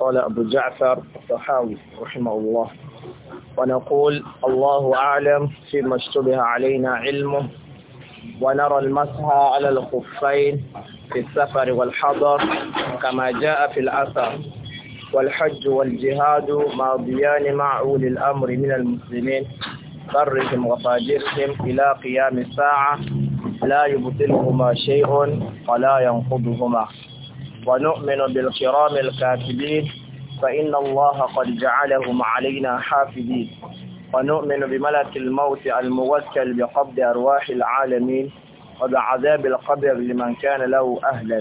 قال أبو جعفر الطحاوي رحمه الله ونقول الله أعلم فيما اشتبه علينا علمه ونرى المسح على الخفين في السفر والحضر كما جاء في الأثر والحج والجهاد ماضيان مع أولي الأمر من المسلمين برهم وفاجرهم إلى قيام الساعة لا يبطلهما شيء ولا ينقضهما ونؤمن بالكرام الكاتبين فإن الله قد جعلهم علينا حافظين ونؤمن بملك الموت الموكل بقبض أرواح العالمين وبعذاب القبر لمن كان له أهلا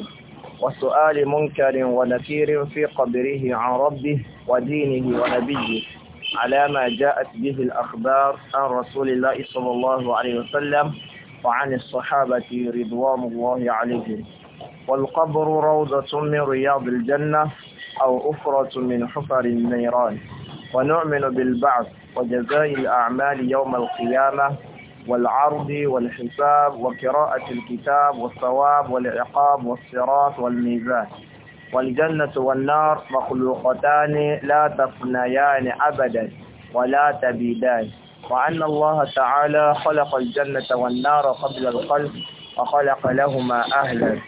وسؤال منكر ونكير في قبره عن ربه ودينه ونبيه على ما جاءت به الأخبار عن رسول الله صلى الله عليه وسلم وعن الصحابة رضوان الله عليهم والقبر روضة من رياض الجنة أو أفرة من حفر النيران ونؤمن بالبعث وجزاء الأعمال يوم القيامة والعرض والحساب وقراءة الكتاب والثواب والعقاب والصراط والميزان والجنة والنار مخلوقتان لا تفنيان أبدا ولا تبيدان وأن الله تعالى خلق الجنة والنار قبل الخلق وخلق لهما أهلا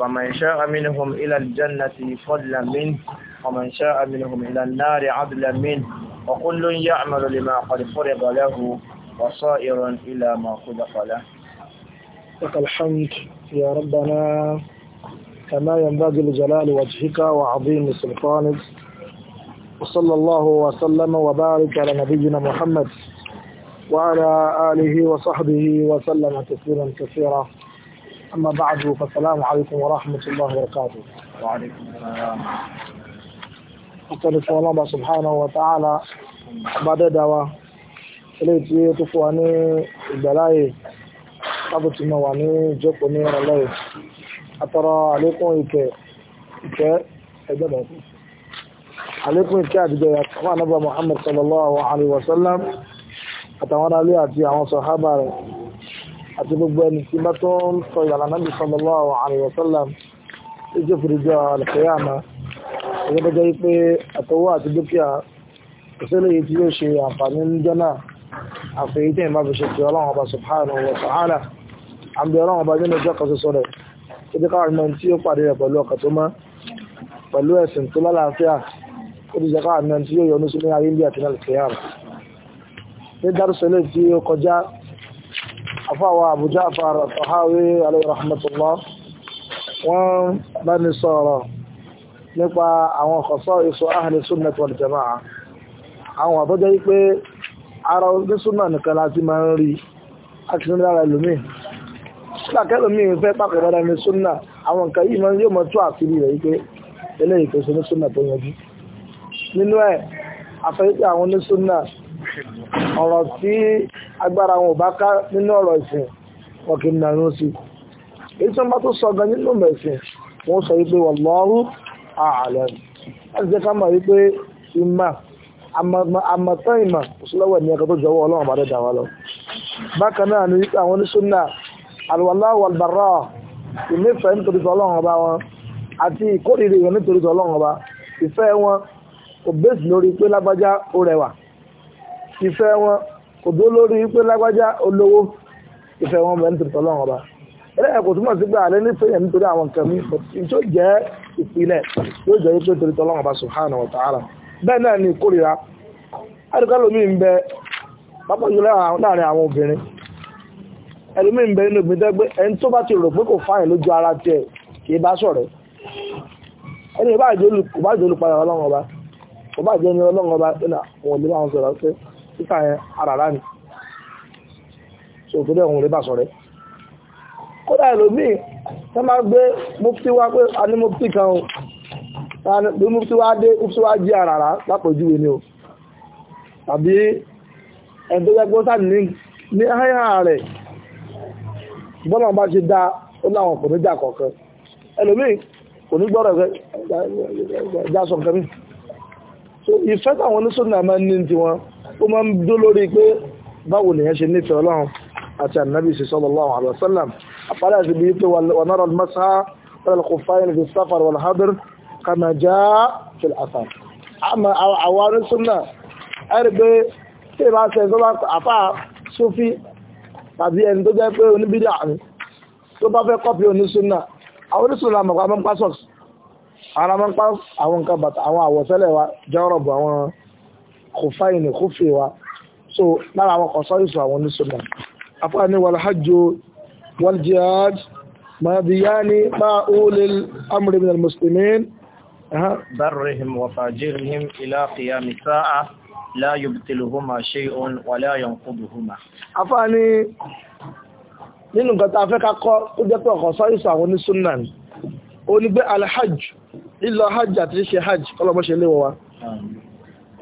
فمن شاء منهم إلى الجنة فضلا منه ومن شاء منهم إلى النار عدلا منه وكل يعمل لما قد فرض له وصائر إلى ما خلق له لك الحمد يا ربنا كما ينبغي لجلال وجهك وعظيم سلطانك وصلى الله وسلم وبارك على نبينا محمد وعلى آله وصحبه وسلم تسليما كثيرا أما بعد فالسلام عليكم ورحمة الله وبركاته وعليكم السلام أتلف الله سبحانه وتعالى بعد دوا eléyìí tí ó tó fún wa ní ìgbàláyè lábùtí mọ̀ wà ní ìjọpọ̀ ní ìrọ̀lẹ́ àtọrọ àlékún ìkẹ́ ìkẹ́ ẹgbẹ̀rẹ̀ àlékún ìkẹ́ àdìjẹ́ àtàwọn anábà Muhammad sallallahu alaihi wasallam àtàwọn alẹ́ àti àwọn sọ̀hábà rẹ̀ àti gbogbo ẹni tí bá tó ń sọ ìlànà Ànábì sallallahu alaihi wasallam tó jẹ́ fìdíjọ́ alìkẹ́yàmá ẹgbẹ́ tó jẹ́ wípé àtọwọ́ àti dúkìá ìṣẹ́lẹ̀ yìí tí yóò ṣe àǹfààní níjọ́ náà ìmá subhanahu wa ta'ala àmì ọlọ́run ọba nínú ọjọ́ kan ṣoṣo rẹ̀ tó jẹ́ káwọn ọmọ tí ó pàdé rẹ̀ pẹ̀lú ọkàn tó mọ́ pẹ̀lú ẹ̀sìn tó lálàáfíà àfáwà Abu Ja'far Tahawi alayhi rahmatullah wọ́n bá ní sọ̀rọ̀ nípa àwọn khasaisu ahli sunnah wal jama'a àwọn àbọ́jẹ́ wípé ara ní súnà nìkan láti máa ń rí àti ní lára ẹlòmíì sílà kẹlòmíì fẹ́ pàkàrà dára ní súnà àwọn nǹkan yìí máa ń yóò mọ̀ tó àfihàn rẹ̀ wípé eléyìí kò ní súnà tó yanjú nínú ẹ̀ àfẹ́yìntì agbára wọn ò bá ká nínú ọ̀rọ̀ ìsìn wọn kì í nàánú sí èyí tó ń bá tó sọ gan nínú mẹ̀sìn wọ́n sọ wípé wallahu a'lam láti jẹ́ ká mọ̀ wípé ìmọ̀ àmọ̀tán ìmọ̀ òṣìlọ́wọ́ ẹ̀mí ẹ̀kọ́ tó jọwọ́ ọlọ́run bá dẹ̀dà wa lọ bákan náà ni wípé àwọn oníṣúná alwala walbara ìmẹ́fẹ̀ẹ́ nítorí ọlọ́run ọba wọn àti ìkórìíra ìwọ̀n nítorí ọlọ́run ọba ìfẹ́ wọn kò bẹ́sì lórí pé lágbájá ó ìfẹ́ wọn kò dúró lórí pé lágbájá olówó ìfẹ́ wọn bẹ̀ nítorí tọ́lọ́run ọba ẹlẹ́yìn kò túmọ̀ sí pé àlẹ́ ní fẹ́yẹ̀ nítorí àwọn nǹkan mi tó jẹ́ ìpìlẹ̀ yóò jẹ́ pé nítorí tọ́lọ́run ọba subhanahu wa ta'ala bẹ́ẹ̀ náà ni ìkórira àdúgbò lómi ń bẹ pápá jùlọ láàrin àwọn obìnrin ẹlòmí ń bẹ inú ìgbìntẹ́ pé ẹni tó bá ti rò pé kò fáyìn lójú ara tiẹ̀ kì í bá sọ̀rọ̀ ẹni ìbáàjẹ́ olùpàdà ọlọ́run ọba ọba jẹ́ ni ọlọ́run ọba wọn ò títà yẹn àràrá ni so tó dẹ̀ òun lè bà sọ̀rẹ́ kódà ẹlòmíì tó máa gbé mufti wá pé a ní mufti kan o bí mufti wá dé mufti wá jí àràrá lápòjúwe ni o tàbí ẹni tó gbẹ́gbẹ́ sáà ní ní àyà rẹ̀ bọ́lá bá ṣe so ìfẹ́ táwọn oníṣòwò náà ó máa ń dó lórí pé báwo lèyàn ṣe nífẹ̀ẹ́ ọlọ́run àti ànábì sí sallallahu alaihi wasallam àpárá àti ibi pé wà náà rọl mọ́sá rọl kò fáyín fi sáfàr wal hadir kama já fil asar àmà àwọn onísúnnà ẹ̀rí pé tí ìbá ṣe tó bá àfà súfí tàbí ẹni tó jẹ́ pé oníbídà ni tó bá fẹ́ kọ́pì onísúnnà àwọn onísúnnà àmọ̀kọ́ àmọ́ ń pa sọ́ọ̀sì àwọn àmọ́ ń pa àwọn nǹkan bàtà àwọn àwọ̀sẹ́lẹ̀ wa jẹ́ ọ̀rọ̀ bọ̀ àwọn kòfáìnì kófè wa so lára àwọn kan sọ́rìsọ àwọn oníṣòdà afá ní wàlhájò wàljíhaj mọ̀bíyáni máa ulè amúrí min al-muslimin barrihim wa fajirihim ila qiyami sa'a la yubtiluhuma shay'un wa la yanquduhuma afá ní nínú nǹkan tá a fẹ́ ká kọ́ ó jẹ́ pé hajj àti ṣe hajj kọlọmọṣẹ́ léwọ wa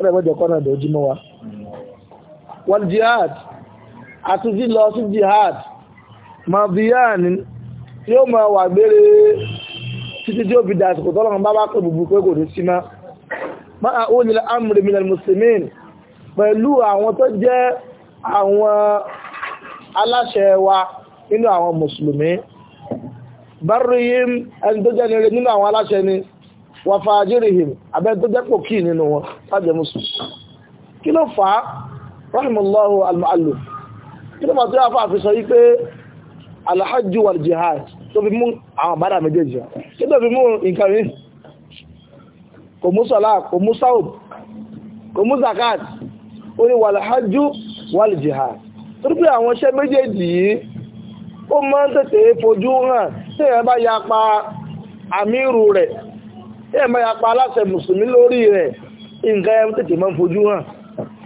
ọlọ́gbẹ́jọ kọ́nà ìdọ̀jú mọ́ wa wal jihad àti lílọ sí jihad madiyan yóò máa wà gbére títí tí ó fi dà àsìkò tọ́lọ́run bá bá pè bùbù pé kò ní sí má má a ó nílẹ̀ amri minal muslimin pẹ̀lú àwọn tó jẹ́ àwọn aláṣẹ wa nínú àwọn mùsùlùmí bárúyìn ẹni tó jẹ́ nire nínú àwọn aláṣẹ ni wàfà ajérihìm abẹ́ tó jẹ́ pòkí nínú wọn sájẹ̀ musu kí ló fà á rahimullahu al-mu'allim kí ló fà tó yàfà fi sọ wípé alhajju wal jihad tó fi mú àwọn àbádà méjèèjì kí tó fi mú nǹkan rí wal jihad tó rí pé àwọn iṣẹ́ méjèèjì yìí ó máa ń tètè fojú hàn tí èèyàn ẹ̀ máa pa aláṣẹ mùsùlùmí lórí rẹ̀ nǹkan ẹ̀ tètè máa fojú hàn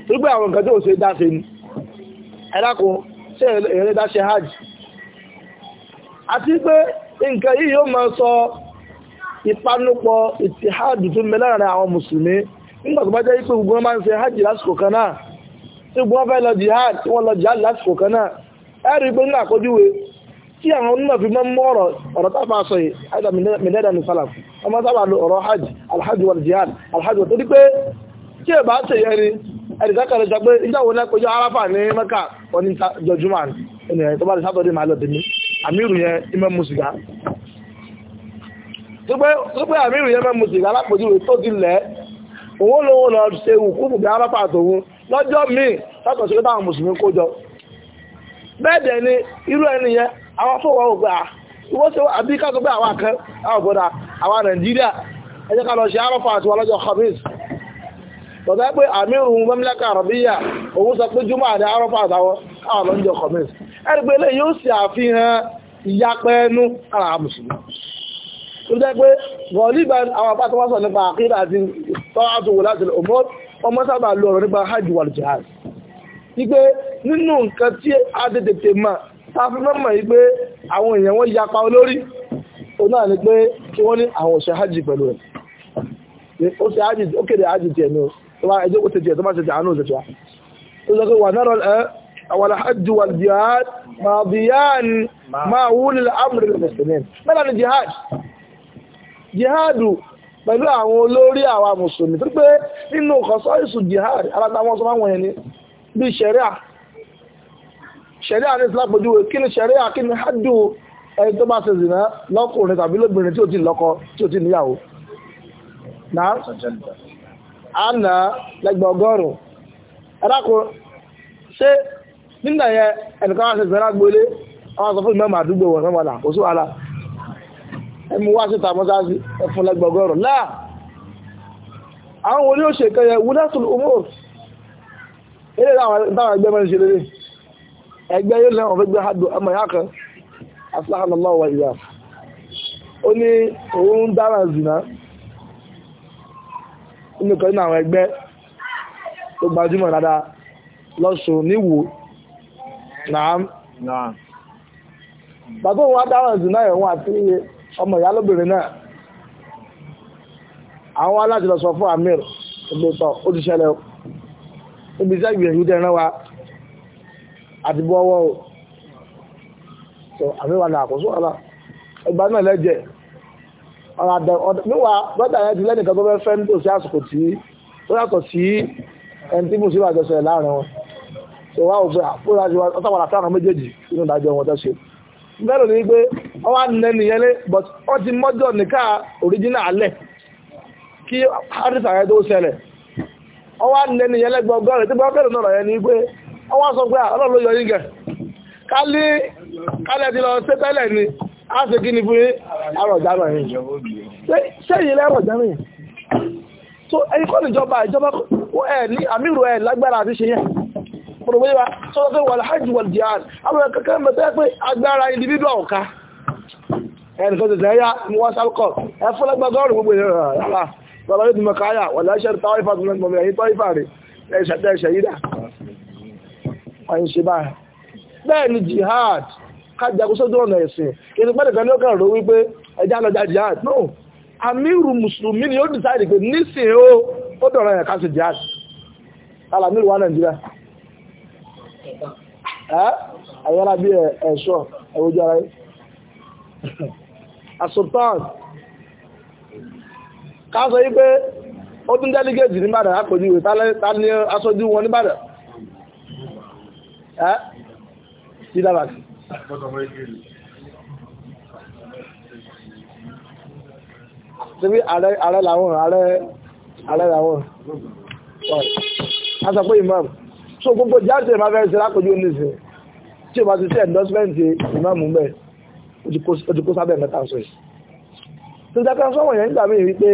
nígbà àwọn nǹkan tí ò ṣe dáṣe ni ṣe èrè dáṣe hajj àti pé nǹkan yìí yóò máa sọ ìpanupọ̀ ìtìhádù tó mẹ́ láàrin àwọn mùsùlùmí nígbà tó bá jẹ́ pé gbogbo máa ń ṣe hajj lásìkò kan náà tí gbogbo fẹ́ lọ jihad tí wọ́n lọ jihad lásìkò kan náà ẹ̀rí tí àwọn onímọ̀ fi mọ́ mọ́ ọ̀rọ̀ ọ̀rọ̀ tábà sọ yìí àìsà ní sálàm ọmọ sábà lo ọ̀rọ̀ hajj alhaji wal jihad alhaji wal torí tí ẹ ṣe yẹn ni ka sọ pé ìjà náà aráfà ní mẹ́kà wọn ní jọjúmọ́ tó bá di sátọ̀dé máa lọ àmírù yẹn àmírù yẹn tó ti lẹ̀ òun lọ ṣe bí aráfà tòun lọ́jọ́ míì sátọ̀ sí pé àwọn fún wọn ò gbà ìwọ́n ṣe àbí ká tó gbé àwọn akẹ́ àwọn òbòdà àwọn nàìjíríà ẹjẹ́ ká lọ ṣe àrọ́fà àti wọn lọ́jọ́ khamis tọ́tà pé àmírù mọ́mílẹ́kà àrọ̀bíyà òun sọ pé jùmọ̀ àti àrọ́fà àtàwọn àwọn lọ́jọ́ khamis ẹni pé tàbí mọ́mọ̀ yìí pé àwọn èèyàn wọ́n yapa olórí o náà ni pé kí wọ́n ní àwọn òṣè hajj pẹ̀lú ẹ̀ ó ṣe hajj ó kéde hajj tiẹ̀ ní o tó bá ẹjọ́ kó ṣe tiẹ̀ tó bá ṣe àánú ṣe tó sọ pé wà náà ẹ àwọn hajj wà jihad máa bí yáàn ni jihad jihadu pẹ̀lú mùsùlùmí ṣẹ̀rí àárín islam pẹ̀júwe kí ni ṣẹ̀rí àkíní hádù ẹni tó bá ṣe zìnà lọ́kùnrin tàbí lóbìnrin tí ò ti lọ́kọ tí ò ti níyàwó. nà á nà lẹ́gbẹ̀ ọgọ́rùn-ún ẹ̀dákun ṣé nígbà yẹn ẹnìkan wá ṣe zìnà gbélé àwọn sọ fún mẹ́mà àdúgbò wọn mẹ́mà là kò sí wàhálà ẹmu wá síta mọ́sáàsì ẹfun lẹ́gbẹ̀ ọgọ́rùn-ún láà àwọn wo ni ẹgbẹ́ yóò lẹ́wọ̀n fẹ́ gbé hádùn ọmọ ìyá kan asláhànàláwọ̀ wà ìyá ó ní òun dára zìnà nínú kan nínú ẹgbẹ́ tó gbajúmọ̀ dáadáa lọ́sùn níwò náà bàbá òun dára zìnà ẹ̀wọ̀n àti ọmọ ìyá lóbìnrin náà àwọn aláàtìlọ́sọ fún amir ó ti ṣẹlẹ̀ ibi àti bọ́wọ́ o so àmìwà náà kò sóhàlá ẹgbà náà lẹ́jẹ̀ níwà brọ́dà yẹn ti lẹ́nìkan tó fẹ́ fẹ́ ní tòsí àsìkò tí ó yàtọ̀ sí ẹni tí mùsùlùmí àjọṣe láàrin wọn so wá òfin àpòlá ti wọ́n tàwọn àfẹ́ àwọn méjèèjì nínú ìdájọ́ wọn tẹ́ṣe bẹ́ẹ̀ ni pé wọ́n wá nẹ́ nìyẹn lé but wọ́n ti mọ́jọ́ nìka original alẹ̀ kí harris àyẹ̀ tó ṣẹlẹ̀ wọ́n wá nẹ́ nìyẹn lẹ́gbẹ̀ọ́gọ́rẹ̀ tí bọ́ọ̀kẹ́rù náà rẹ̀ ni pé wọ́n sọ pé ah, ọlọ́run ló yọ yín gẹ̀ kálí kálẹ̀ ti lọ sí tẹ́lẹ̀ ni a sì kí ni fún yín arọ̀jánà yìí sẹ́yìn lẹ́rọ̀ jánà yìí so ẹni kọ́ níjọba ìjọba ẹ̀ ní àmìrò ẹ̀ lágbára àti ṣe yẹn pọ̀lọ̀wọ́yẹ́wà sọ́dọ̀ pé wà láhájì wà jihad àwọn kankan mẹ́tẹ́ pé agbára individual ọ̀ká ẹni tó tẹ̀tẹ̀ ẹ̀yà ní wọ́n sálkọ̀ ẹ fún lágbàgọ́rùn gbogbo ìrìnrìn rárá lọ́lọ́rí ọ̀yìn ṣe bá bẹ́ẹ̀ ni jihad kájagun sójú ọ̀nà ẹ̀sìn kí ni ní ó kẹrọ̀ wípé ẹjá lọ́jà jihad no amíru musulmi ni ó dìsáìdì pé nísìn ó ó dọ̀rọ̀ ka sí jihad alamiru wa nàìjíríà àyọ́lá bí ẹ̀ṣọ́ ẹ̀wọ́jú àpòjú ìwé aṣojú wọn ẹ́ sílábà sí. Ṣébí ààrẹ làwọn ààrẹ làwọn. A sọ pé imam. So gbogbo jáde máa fẹ́ ṣe lápòjú oníṣẹ́ tí o bá ti ṣe endorsement imam mẹ́ o ti kó sábẹ̀ mẹ́ta sọ yìí. Tìjàkan sọ́wọ̀n yẹn nígbà mí wípé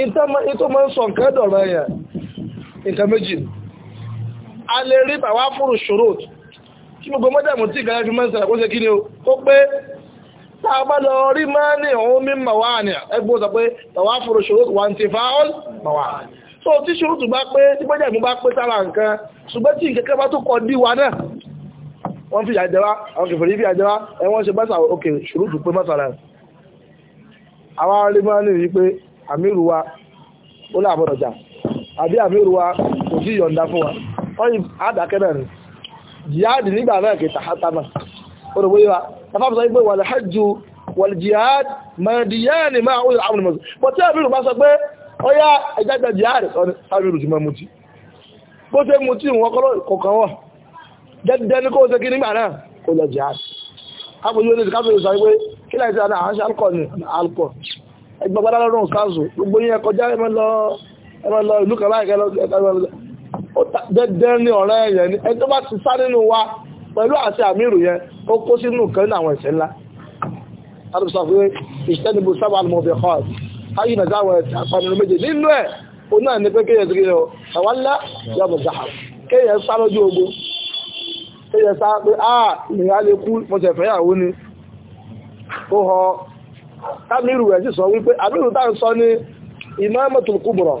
ìtọ́ mọ́ ń sọ nǹkan dọ̀rọ̀ yẹn nǹkan méjì ni a lè rí tàwa fúrù ṣòro tí gbogbo mọ́jàmù tí ìgbàlá fi máa ń sàrà kó ṣe kí ni o ó pé tá a bá lọ rí máa ní òun mí mà wá ní ẹgbẹ́ sọ pé tàwa fúrù ṣòro wà ti fa ọ́l wa náà wọ́n fi àjẹwá àwọn kèfèrè fi àjẹwá ẹwọ́n ṣe báṣà òkè ṣòro tó pé mọ́sàrà àwọn àbí àmì ìrùwa kò sí ìyọ̀ǹda fún wa tọ́yìn àdàkẹ́rẹ̀ rẹ̀ jihad nígbà náà kẹta hatama olùgbéyà tafàbùsọ ipé wal hajju wal jihad mẹ́díyàní máa ó àwọn ìmọ̀sí bọ́ tí àbírù bá sọ pé ó yá ẹjájá jihad àbírù ti mọ́ mutí bó ṣe mutí wọn kọ́kọ́ wọ́ jẹ́jẹ́ ní kó ṣe kí nígbà náà kó lọ jihad àbújú ní ìsìkáfẹ́ ìsọ pé kí láì sí àdá àṣà alkọ ni alkọ ẹgbẹ̀gbẹ̀rẹ̀ lọ́rùn sáàzù gbogbo yẹn kọjá ẹmọ lọ ìlú kan láìkẹ́ lọ dẹ́dẹ́ ní ọ̀rẹ́ yẹn ni ẹni tó bá ti sá nínú wa pẹ̀lú àti àmírù yẹn ó kó sínú kan nínú àwọn ẹ̀ṣẹ̀ ńlá alùsọ pé ìṣẹ́nibù sábà lọ́mọ fi hàn áyí nà sáwọn ẹ̀ṣẹ̀ àpamọ́ méje nínú ẹ̀ ó náà ní pé kéèyàn ti ni ó họ támírù ẹ̀ sì sọ wípé àmírù táà ń sọ ní ìmáàmù tó kúbùrọ̀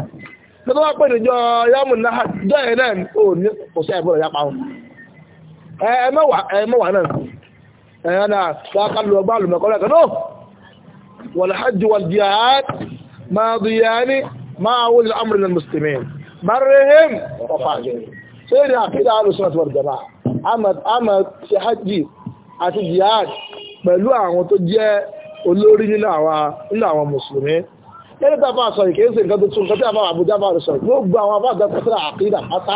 tó tó wá pè níjọ yọmù náà jọ ẹ̀ náà ò ní kò sí ẹ̀gbọ́n yapa wọn ẹ mẹ́wàá ẹ mẹ́wàá náà ẹ yẹn náà wọ́n ká lu ọgbà àlùmọ̀kọ́ lẹ́kọ̀ọ́ náà wọ́n lè hajj wọ́n di àád máa di yaani máa wọ́n lè amúrin náà ẹni tí a bá sọ ìkéyèsí nǹkan tó tún nǹkan tí a bá àbújá bá sọ gbogbo àwọn abá àdá tẹ́lá àkídà pátá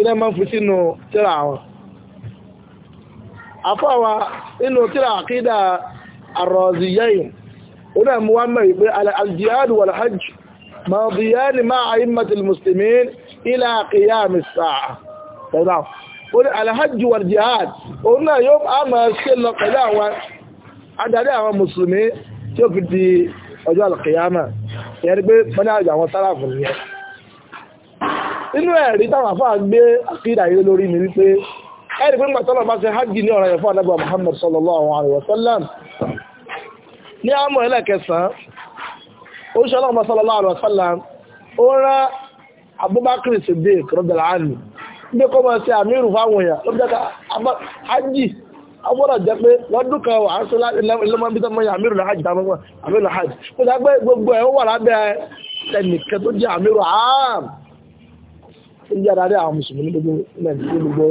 ilẹ̀ máa ń fi sínú tíra àwọn afọ́wà inú tíra àkídà àrọ̀zìyẹ́yìn oní ẹ̀mú wá mẹ́rin pé aljihad wal hajj mọ̀bíyẹ́ni máa àyímọ̀tìl muslimin ilá qiyam as-sa'a pẹ̀lú oní alhajj wal jihad oní ọjọ́ alkiyama yẹn pé mọ́nà àjọ àwọn sáràfù nìyẹn inú ẹ̀rí táwọn afáà gbé àkídà yìí lórí mi wípé ẹ̀rí pé nígbà bá ṣe hajj ní ọ̀rọ̀ yẹn fún anábọ̀ sallallahu alaihi wasallam wasallam Abubakar agbọ́dọ̀ jẹ́ pé lọ́dún kan wà á sọ lọ́mọbí tọ́mọ yà amírù làhájì tàbí wọn amírù làhájì ó sọ pé gbogbo ẹ̀ ó wà lábẹ́ ẹnìkan tó jẹ́ amírù àám ó jẹ́ adarí àwọn mùsùlùmí gbogbo nàìjíríà gbogbo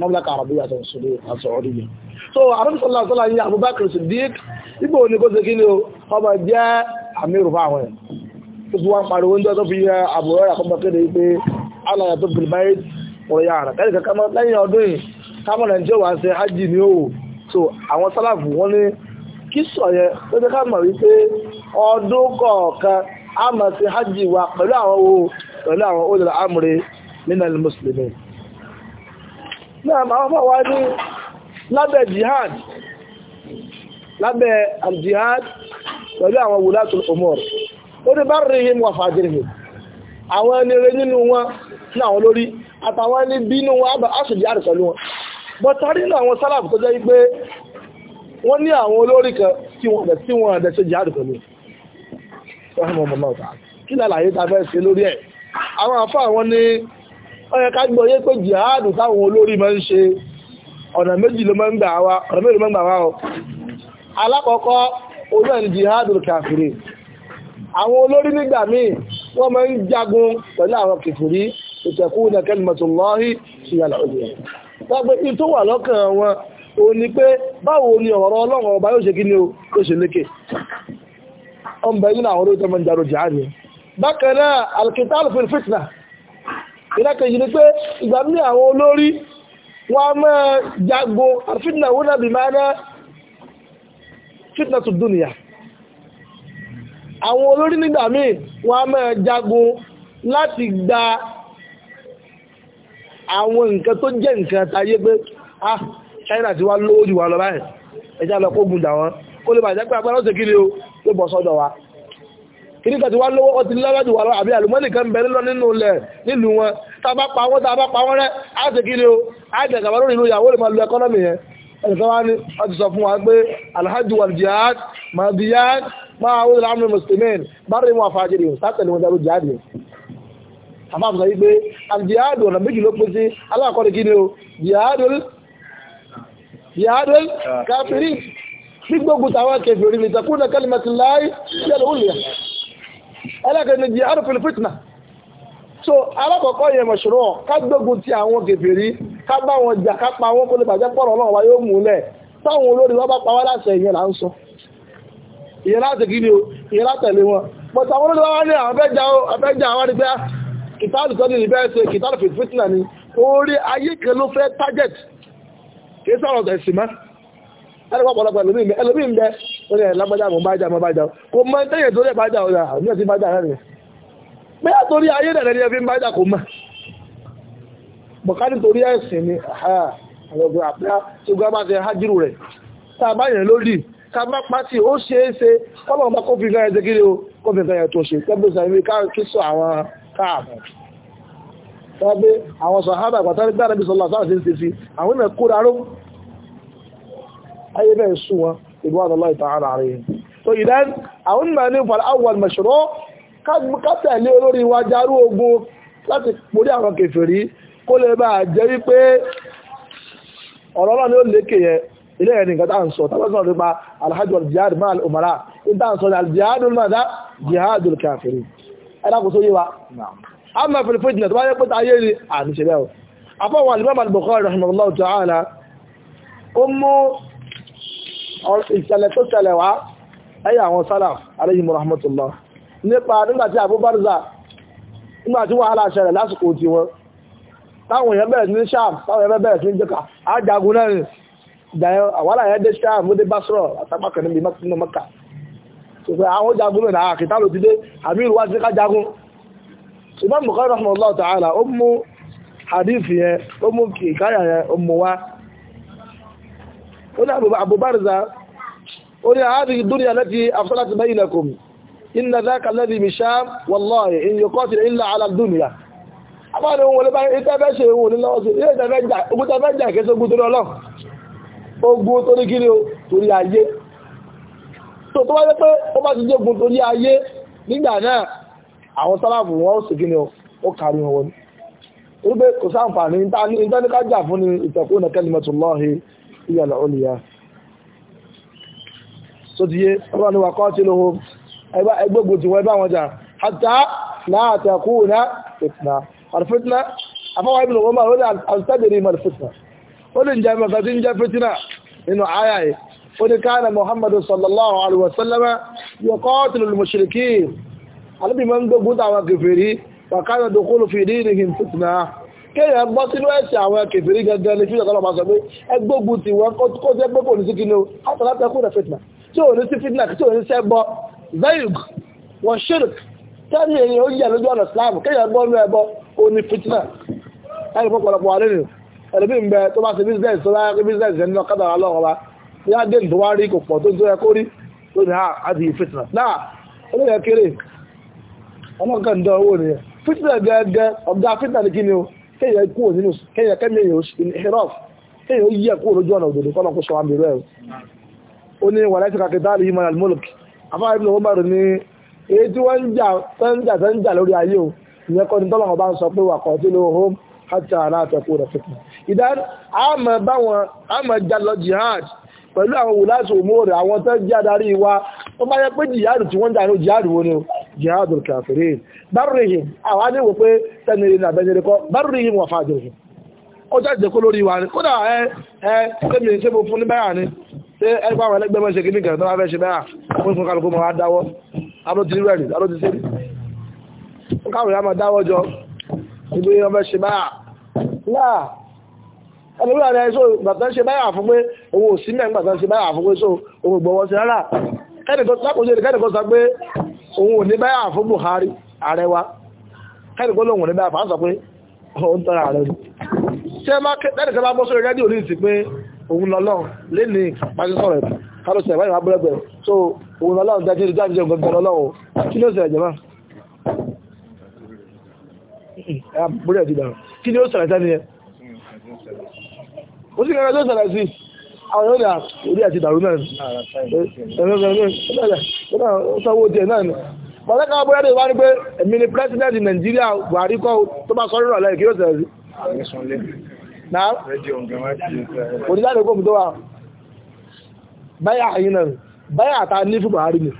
mọ́mílákà àrọ̀bí àtọ̀ so àrùnsọ̀lá sọ́lá yìí Abubakar Siddiq ibò ní kó ṣe kí ni o ọmọ jẹ́ amírù fáwọn ẹ̀ ó fi wá ń pariwo ń tọ́ fi yẹ àbúrò ẹ̀ àkọ́kọ́ kéde pé alàyà tó fi báyìí ọ̀rọ̀ yàrá kámọ̀nà tí ó wà ṣe ájì ní òwò so àwọn sálàfù wọn ní kí sọ yẹn tó jẹ́ ká mọ̀ wípé ọdún kọ̀ọ̀kan a máa ṣe ájì wa pẹ̀lú àwọn owó pẹ̀lú àwọn olùdó amúre nínú ẹni mùsùlùmí náà máa fọ́ wá ní lábẹ́ jihad lábẹ́ al-jihad pẹ̀lú àwọn wùlátùl umur ó ní bá rí him wà fàájìrì àwọn ẹni rẹ nínú wọn ní àwọn lórí àtàwọn ẹni bínú wọn á ṣèjì àrẹ̀sọ̀lú wọn bọ́tàrí nínú àwọn sálàf tó jẹ́ wípé wọ́n ní àwọn olórí kan tí wọ́n dẹ̀ tí wọ́n dẹ̀ ṣe jihad pẹ̀lú kí lálàyé ta fẹ́ ṣe lórí ẹ̀ àwọn àfá àwọn ní ọyẹ ká gbọ́ yé pé jihad táwọn olórí máa ń ṣe ọ̀nà méjì ló máa ń gbà wá ọ̀nà méjì wágbé in tó wà lọ́kàn wọn o ní pé báwo ni ọ̀rọ̀ ọlọ́run ọba yóò ṣe kí ni o ṣe lékè ọmọ yìí náà àwọn olóòtú jàrò jà ní bákan náà fitna ìdákejì ni pé ìgbà ní àwọn alfitna wọn náà bí fitna tó dúnìyà àwọn olórí nígbà míì wọn a láti gba àwọn nǹkan tó jẹ́ nǹkan tayé pé ah China ti wá lówó jù wá lọ báyìí ẹjá lọ kó gùn dà wọ́n kó lè bàjẹ́ pé agbára ọ̀sẹ̀ kiri o tó bọ̀ sọ́dọ̀ wa kiri kan ti wá lówó ọtí lọ́wọ́ jù wá lọ àbí àlùmọ́nì kan bẹ̀rẹ̀ lọ nínú ilẹ̀ nílùú wọn tá a bá pa wọn tá a bá pa wọn rẹ á ṣe kiri o á jẹ gàbà lórí ìlú ìyàwó lè máa lo ẹkọ́nọ́mì yẹn ẹnìkan wá ní wọ́n ti sọ fún wa àmọ́ àmọ́ yìí pé àjìyàdù ọ̀nà méjì ló pín sí alákọ̀ọ́dẹ̀ kí ni o jìyàdù káfírí gbígbógu tàwọn kẹfìrí ní takúnà kálímàtì láì sí ẹlòmùlẹ̀ ẹlẹ́kẹ̀ẹ́ ni jìyàdù fìlìfìtìnà so alákọ̀ọ́kọ́ yẹn mọ̀ṣúrọ̀ ká gbógun ti àwọn kẹfìrí ká bá wọn jà ká pa wọn kó lè bàjẹ́ pọ̀rọ̀ náà wáyé ó múlẹ̀ táwọn olórí wọn bá pa wá láṣẹ ìyẹn là ń sọ ìyẹn láti kí ni kìtàlù kọ́ ní ìbẹ̀rẹ̀ ṣe kìtàlù fìtìfìtìnà ni orí ayé kan ló fẹ́ target kìí sọ̀rọ̀ ẹ̀sìn má ẹ̀rọ pọ̀lọpọ̀ ẹlòmí ń bẹ orí ẹ̀ lágbájá mọ̀ bájá mọ̀ bájá kò mọ tẹ́yẹ̀ tó lè bájá ọ̀dà ní ọ̀sìn bájá rẹ̀ pé àtòrí ayé rẹ̀ ní ẹbí ń bájá kò mọ̀ bọ̀kánì torí ẹ̀sìn ni ọ̀gbọ̀n àpẹ́ ṣùgbọ́n bá ti hájírù rẹ̀ tá a bá yẹn lórí ká bá pàtì ó ṣeé ṣe kọ́bọ̀n bá kófin kan ẹ̀ káàbù tọ́bí àwọn sọ̀hábà pàtàkì gbára bí sọ́lá sáà sí ń tẹ́sí àwọn ìmẹ̀ kó rárú ayé bẹ́ẹ̀ sú wọn ìbú àdọ́lọ́ ìtàhánà rẹ̀ so ìdán àwọn ìmẹ̀ ní fàl ilé ẹni nǹkan táà sọ tábà nípa alhajj jihad ma al in táà sọ ni al-jihadul jihadul kafirin ẹ̀dàkùsó yíwa amma fil fitna tó bá yẹ pẹ́ta ayé rí àníṣẹ́ bẹ́ẹ̀ afọ́wọ́n alimọ́mà al-Bukhari rahimahullahu ta'ala ó mú ìṣẹ̀lẹ̀ tó ṣẹlẹ̀ wá ẹ̀yà àwọn salaf alayhim rahmatullah nípa nígbàtí Abu Barza nígbàtí wàhálà ṣẹlẹ̀ lásìkò tí wọn táwọn èèyàn bẹ̀rẹ̀ sí Sham táwọn èèyàn bẹ̀rẹ̀ sí jẹ́ka ajagun náà ìgbà àwọn àyẹ̀dẹ́ Sham ó dé ṣùgbọ́n àwọn jagun náà náà kìtà ló ti dé àmìrù wá sí ká jagun ṣùgbọ́n Bukhari rahmanullah ta'ala ó mú hadith yẹn ó mú ìkáyà yẹn ó mú wá ó ní Abu Barza ó ní hadhihi dunya allati afsalat bainakum ogun torí kí ni o torí ayé so tó wáyé pé ó bá ti ogun torí ayé nígbà náà àwọn sálàbù wọn ó sì kí ni ó kárí wọn ni na kò sáǹfààní ìtàníká jà fún ni ìtẹ̀kùn náà kalimatullahi hiya al-ulya so hatta fitna fitna قل كان محمد صلى الله عليه وسلم يقاتل المشركين النبي من غوتا وكفري وكان دخول في دينهم فتنه kéèyàn gbọ́ sínú ẹ̀sìn àwọn kèfèrí gangan ní fíjọ tọ́lọ́mà sọ pé ẹgbógun ti wọ́n kó jẹ́ pé kò ní sí kí ní o látàlápẹ́kù rẹ̀ fitna tí ò ní sí fitna tí ò ní sẹ́gbọ́ zayug wọ́n shirk tẹ́lì èyàn ó yẹ lójú ọ̀nà Islam kéèyàn gbọ́ ní ẹbọ ní àdéhùn tó wá rí kò pọ̀ tó ń tó yẹ kó rí tó ní àti fitna náà olóyè kéré ọmọkàndán owó ni fitna gẹ́gẹ́ ọ̀gá fitna ní kíni o kéèyàn kú ò nínú kéèyàn kẹ́mi èèyàn ìhẹ́rọ́f kéèyàn ó yẹ kúrò lójú ọ̀nà òdòdó kọ́nà kó sọ àmì rẹ̀ ó ní wàlẹ́ ti kàkẹ́ dáàlì human almolk afárá ìbìnà ó bàrù ní èyí tí wọ́n ń jà tẹ́ńjà tẹ́ńjà lórí ayé o ìyẹn kọ́ni tọ́lọ̀ ọba ń sọ pé wà kọ́ tí ló hóm hàtà aláàtẹ̀kù rẹ̀ fitna ìdá àmọ̀ báwọn àmọ̀ jalọ jihad pẹ̀lú àwọn wùláṣì òmóòrè àwọn tó jẹ́ adarí wa tó bá yẹ pé jihadu tí wọ́n dànù jihadu wọn ni jihadu kàfẹ́rẹ́ bárùrìhìn àwọn adéwò pé tẹ́nìrì nàbẹ́nìrì kọ́ bárùrìhìn wà fàájòrìhìn ó jáde kó lórí wa ni kódà ẹ ẹ tẹ́mi ṣe mo fún ní báyà ẹlòmí àrẹ so gbàtà ń ṣe báyà fún pé owó òsì mẹ́ gbàtà ń ṣe báyà fún pé so òun gbọ́wọ́ sí rárá kẹ́nìkọ́sọ kẹ́nìkọ́sọ pé òun ò ní báyà fún Buhari ààrẹ wa kẹ́nìkọ́ lòun ò ní báyà fásọ pé òun tọ́ra ààrẹ ni ṣé kẹ́nìkọ́ bá bọ́ sórí rẹ́díò ní ìsìn pé òun lọ́lọ́run lé ní pàṣẹsọ̀ rẹ̀ kálọ̀sẹ̀ ìwádìí wà bẹ́rẹ̀ bẹ̀rẹ̀ so òun lọ́lọ́run dájú kí ló ṣẹlẹ̀ jẹ́mà búrẹ̀ kò sí kẹrẹ tó ṣẹlẹ̀ sí àwọn yóò dà orí àti ìdàrú náà sanwó díẹ̀ náà ni mọ̀lẹ́ka bóyá lè wá ní pé èmi ni president Nàìjíríà Buhari kọ́ tó bá sọ́rọ̀ ọ̀lẹ́ kí yóò ṣẹlẹ̀ sí. náà òdìjáde kò mú tó wà báyà àyín náà báyà àta ní fún Buhari ni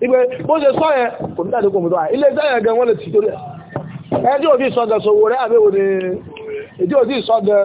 ìgbé bó ṣe sọ yẹn kò ní dáadé kò mú tó wà ilé iṣẹ́ yẹn gan wọ́n lè ti tó rẹ̀ ẹjọ́ òdì sọ́gẹ̀ sọ̀wọ́ rẹ̀ àbẹ́wò ni ìdí òdì sọ́gẹ̀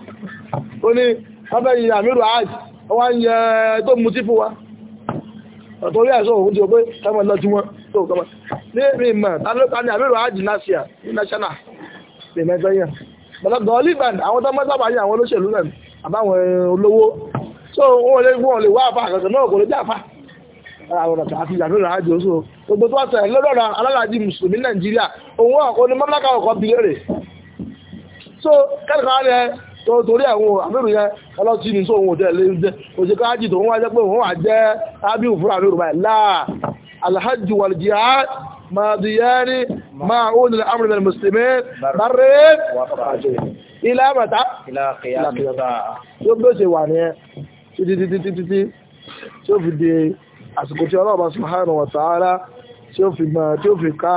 ó ní ọbẹ̀ yìí àmìrò ààjì ọwá ń yẹ tó mú tí fún wa ọ̀tọ̀rí àṣọ òun ti o pé tẹ́mọ̀ lọ tí wọ́n tó kọmọ̀ ní èmi mọ̀ tánúkà ní àmìrò ààjì náṣíà ní national lè mẹ́fẹ́ yẹn bọ̀lá gọ́ọ̀lìbàn àwọn tọ́mọ́ sábà yẹn àwọn olóṣèlú náà àbáwọn olówó tó wọ́n lè wọ́n lè wá àfà àkàtọ̀ náà kò lè jáfà àwọn ọ̀tọ̀ àti àmìrò ààjì oṣù gbogbo tó wà tẹ̀lé lọ́dọ̀ alálàájì mùsùlùmí nàìjíríà òun ọ̀kọ́ ni mọ́mọ́láka ọ̀kọ́ bi lérè so kẹ́kọ̀ọ́ tó torí àwọn àmìrù yẹn ọlọ́tí ní sóhun òtẹ́lẹ̀ jẹ́ òṣèká ájì tó ń wájẹ́ pé wọ́n wà jẹ́ ábíù fúra àmìrù báyìí láà alhaji wal jihad ma diyani ma oun ilẹ̀ amri mẹ́rin musulmi bárẹ̀ ilẹ̀ àmàta tí ó bẹ́ẹ̀ ṣe wà ní títítítítí tí ó fi di àsìkò tí ọlọ́ọ̀bá subhanahu wa ta'ala tí ó fi gbọ́n tí ó fi ká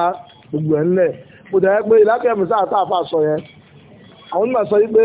gbogbo ẹ̀ ńlẹ̀ mo pé ìlàkẹ́ mi sáà sọ yẹn àwọn onímọ̀ yí pé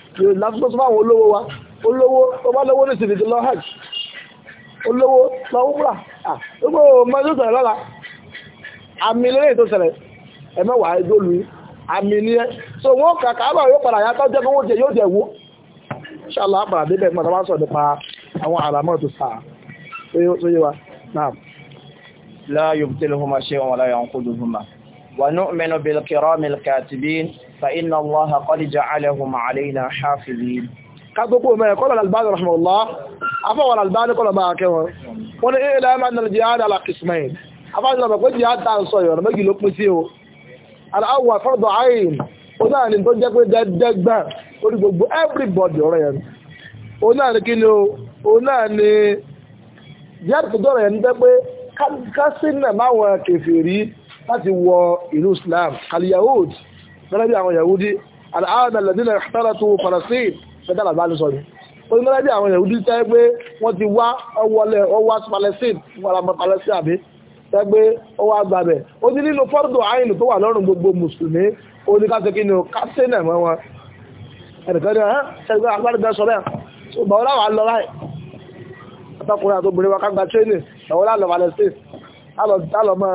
lásìkò tó fáwọn olówó wa olówó tó bá lówó ní ìsìnkú lọ hajj olówó lọ wúra gbogbo mọ́jú sọ̀rọ̀ lọ́la àmì lẹ́yìn tó ṣẹlẹ̀ ẹ̀mẹ́wà ẹjọ́ lu àmì ni ẹ so wọ́n kà káàbà yóò padà yàtọ̀ jẹ́ kówó jẹ yóò jẹ wó ṣàlọ́ àpàdà débẹ̀ mọ̀ tó bá sọ nípa àwọn àràmọ́ tó sà tó yé náà. láàyò tẹ́lẹ̀ fún ma ṣe wọn láyà kó dùn fún ma wà ní فإن الله قد جعلهم علينا حافظين كذبوا ما يقول الألباني رحمه الله أفوى الألباني قال ما كما قل إعلام أن الجهاد على قسمين أفعل لما قلت جهاد تعالى صير ما يجي لكم سيو الأول فرض عين وذا أن انتون جاكوا جاك بان everybody رأيان وذا أن كيلو وذا أن جهاد كدور يندبوا كاسين ما هو كفيري láti wọ ìlú Islam al-Yahud mẹ́lẹ́bí àwọn yahudi aláàdà lẹ́dínlẹ̀ tààràtù palestine fẹ́dàlà bá ní sọ ni ó ní mẹ́lẹ́bí àwọn yahudi tẹ́ pé wọ́n ti wá ọwọ́lẹ̀ ọwá palestine wọ́n ra palestine àbí tẹ́ pé ọwá gbàbẹ̀ ó ní nínú fọ́rọ̀dù àìlù tó wà lọ́rùn gbogbo mùsùlùmí ó ní káṣe kí ni ó káṣe náà mọ́ wọn ẹnìkan ní ẹgbẹ́ agbárígbẹ́ sọ bẹ́ẹ̀ palestine á lọ mọ́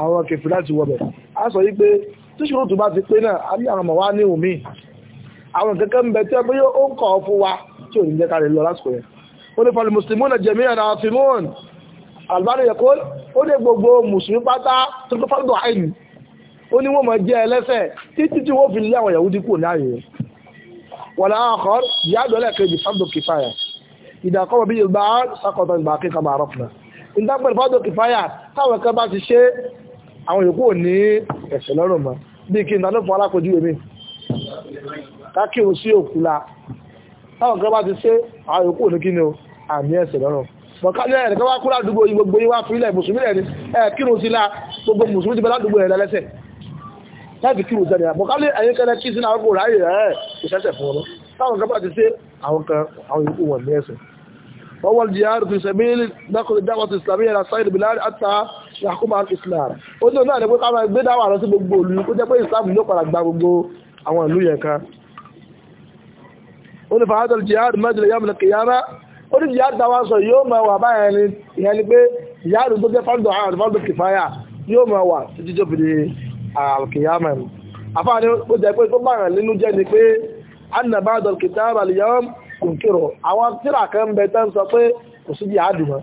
àwọn kẹfì láti wọ̀bẹ̀ a sọ yí pé tí ṣòro tó bá ti pé náà a ní àwọn ọmọ wa ní omi àwọn kẹ́kẹ́ ń bẹ tí ẹgbẹ́ ó ń kọ̀ fún wa tí ò ní jẹ́ ká lè lọ lásìkò yẹn ó ní fọlì mùsùlùmí náà jẹ̀mí ẹ̀nà àfimún albani yẹ kó ó ní gbogbo mùsùlùmí pátá tó tó fọ́lùdọ̀ àìní ó ní wọ́n mọ̀ jẹ́ ẹlẹ́sẹ̀ títí tí wọ́n fi lé àwọn Yahudi kúrò ní ààyè wọ̀lá àkọ́ ìyádọ́lẹ̀ kejì fọ́lùdọ̀ kìfàyà ìdàkọ́ bí yorùbá sàkọ̀tọ̀ ìgbà kíkà àwọn yòókù ò ní ẹ̀ṣẹ̀ lọ́rùn mọ́ bí kí n ta fún alákojú èmi kákìrù sí òkú la táwọn kan bá ti ṣe àwọn yòókù ò ní kí ni o àmì ẹ̀ṣẹ̀ lọ́rùn bọ̀kálẹ̀ ẹ̀rẹ̀ kan wá kúrò àdúgbò yìí gbogbo yìí fún ilẹ̀ mùsùlùmí rẹ̀ ni ẹ̀ kírun la gbogbo mùsùlùmí ti bẹ ládùúgbò rẹ̀ lẹ́sẹ̀ láti kírun sẹ́ni àbọ̀kálẹ̀ ẹ̀yìn kẹlẹ̀ kí sínú àwọn kò ráyè rẹ̀ ìṣẹ́sẹ̀ fún ọ táwọn kan bá ti ṣe àwọn kan àwọn yòókù wọn ní ẹ̀ṣẹ̀ wọ́n wọ́n ṣàkóbá islam ó ní òun náà ní pé ká máa gbé dáwà lọ sí gbogbo ìlú kó jẹ́ pé islam ló padà gba gbogbo àwọn ìlú yẹn kan ó ní fàájọ jihad mẹ́jọ yàmù kìyàmá ó ní jihad dáwà sọ yóò máa wà báyẹn ni ìyẹn ni pé jihad tó jẹ́ fáńdọ̀ àwọn fáńdọ̀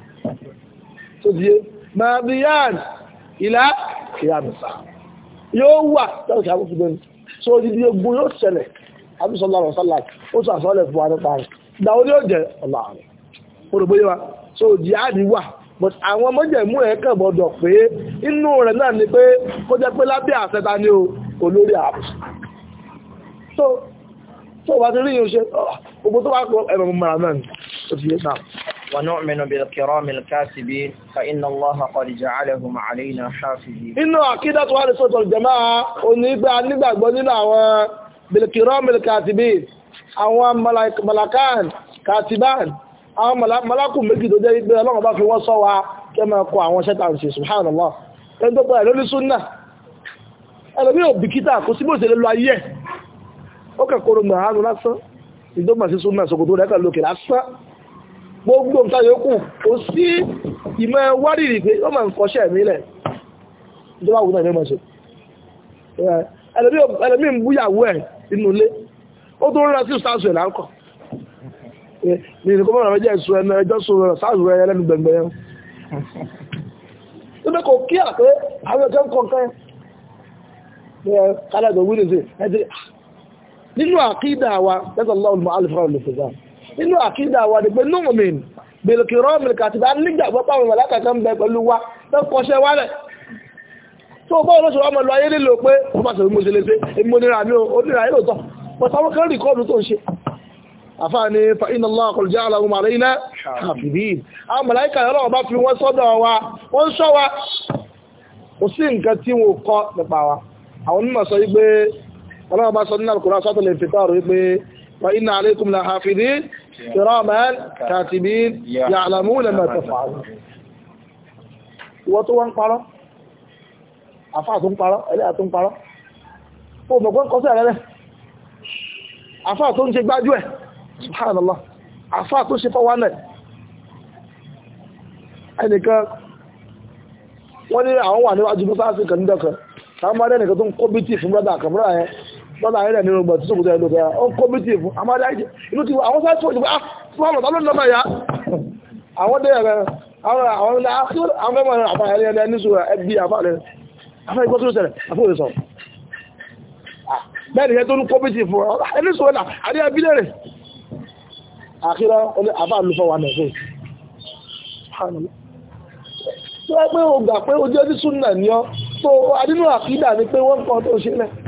tó di madian ilá ìyàmùsà yóò wà tẹ́lẹ̀ kí a fún bẹ́ẹ̀ so di di ogun yóò ṣẹlẹ̀ abisọ́lá ọ̀sọ́lá ó sọ àsọ́lẹ̀ fún wa nípa rẹ̀ ìgbà wo ni ó jẹ ọ̀la rẹ̀ ó rò bóyá wa so jihadi wà but àwọn mọ́jẹ̀mú ẹ̀ kàn gbọ́dọ̀ pé inú rẹ̀ náà ni pé kó jẹ́ pé lábẹ́ àṣẹta ni olórí ààbò so tó wá ti rí yóò what do tó wá kọ ẹ̀rọ mọ̀ràn náà ni ó ti yé náà ونؤمن بالكرام الكاسبين فإن الله قد جعلهم علينا حافظين إنه عقيدة أهل السنة والجماعة ونبقى نبقى قلنا بالكرام الكاسبين àwọn malakan katiban àwọn malakun méjì tó jẹ́ ìgbé ọlọ́run bá fi wọ́n sọ wa kẹ́ máa kọ àwọn ṣẹta ṣe subhanallah ẹni tó pẹ̀lú lórí súnnà ẹlòmí ò bìkítà kò sí bóòsẹ̀ lọ ayé ó kẹ́kọ̀ọ́ rẹ̀ mọ̀ gbogbo nǹkan yòókù kò sí ìmọ̀ wárìrì pé wọ́n máa ń kọ́ṣẹ́ mi lẹ̀ ìjọba àwùjọ ìmọ̀ ìmọ̀ ṣe ẹlẹ́mí ń búyàwó ẹ̀ inú ilé ó tó rán sí sáàsù ẹ̀ láńkọ̀ ní ìdíkọ́ mọ́ra ẹjẹ́ ìṣù ẹ̀nà ẹjọ́ sọ sáàsù ẹ̀ lẹ́nu gbẹ̀ngbẹ̀ yẹn tó bẹ́ kò kí àpé àwọn ẹjọ́ ń kọ́ nǹkan ẹ̀ kálẹ̀ ìgbẹ̀wé nìṣe ẹ̀ nínú àkídà wa lẹ́tọ̀ọ́lọ́ọ̀lù nínú àkídà wa dìgbé nùmùmìn bèlùkìrọ́ mìlìkàtìbá nígbàgbọ́ pàwọn mọ̀láka kan bẹ pẹ̀lú wa tó kọṣẹ́ wálẹ̀ tó bọ́ olóṣù wa mọ̀ lọ ayé nílò pé ó bá sọ̀rọ̀ mọ̀ṣẹ́ léṣe èmi onírà mi ò onírà yìí lòótọ́ pọ̀tà wọn kan rìkọ́ọ̀dù tó ń ṣe àfáàní fa inna Allah qad ja'ala lahum alayna hafidin àwọn mọ̀láìkà ọlọ́wọ́ bá fi wọ́n sọ́dọ̀ wa wọ́n sọ wa kò sí nǹkan tí sọ wípé ọlọ́wọ́ bá sọ nínú Al-Qur'an sọ́tọ̀ lè fi كراما كاتبين يعلمون ما تفعلون ìwọ́tó wọ́n ń parọ́ àfáà tó ń parọ́ ẹlẹ́yà tó ń parọ́ o mọ̀gbọ́n kọ́ sí ẹ̀rẹ́lẹ́ àfáà tó ń ṣe gbájú ẹ̀ subhanallah àfáà tó ṣe fọ́wánẹ̀ ẹnìkan wọ́n ní àwọn wà níwájú mọ́sáàsì kan nídọ̀kan lọ́la ayẹ́rẹ̀ nínú gbọ̀ tí sókòtò ẹ̀lú ọ̀gá ó kó mítì fún àmọ́dá ìjẹ́ inú àwọn sáà tó ah, àwọn ọ̀tọ́ lọ́mọ àwọn dé ẹ̀rẹ̀ àwọn àwọn ilẹ̀ ah, àwọn fẹ́mọ̀ ẹ̀rẹ̀ ẹ̀rẹ̀ ní sùúrù ẹbí àfà rẹ̀ afá ìgbọ́ tó ṣẹlẹ̀ afó ìrẹsọ̀ ah, bẹ́ẹ̀ ni tó ń kó mítì fún ẹni sùúrù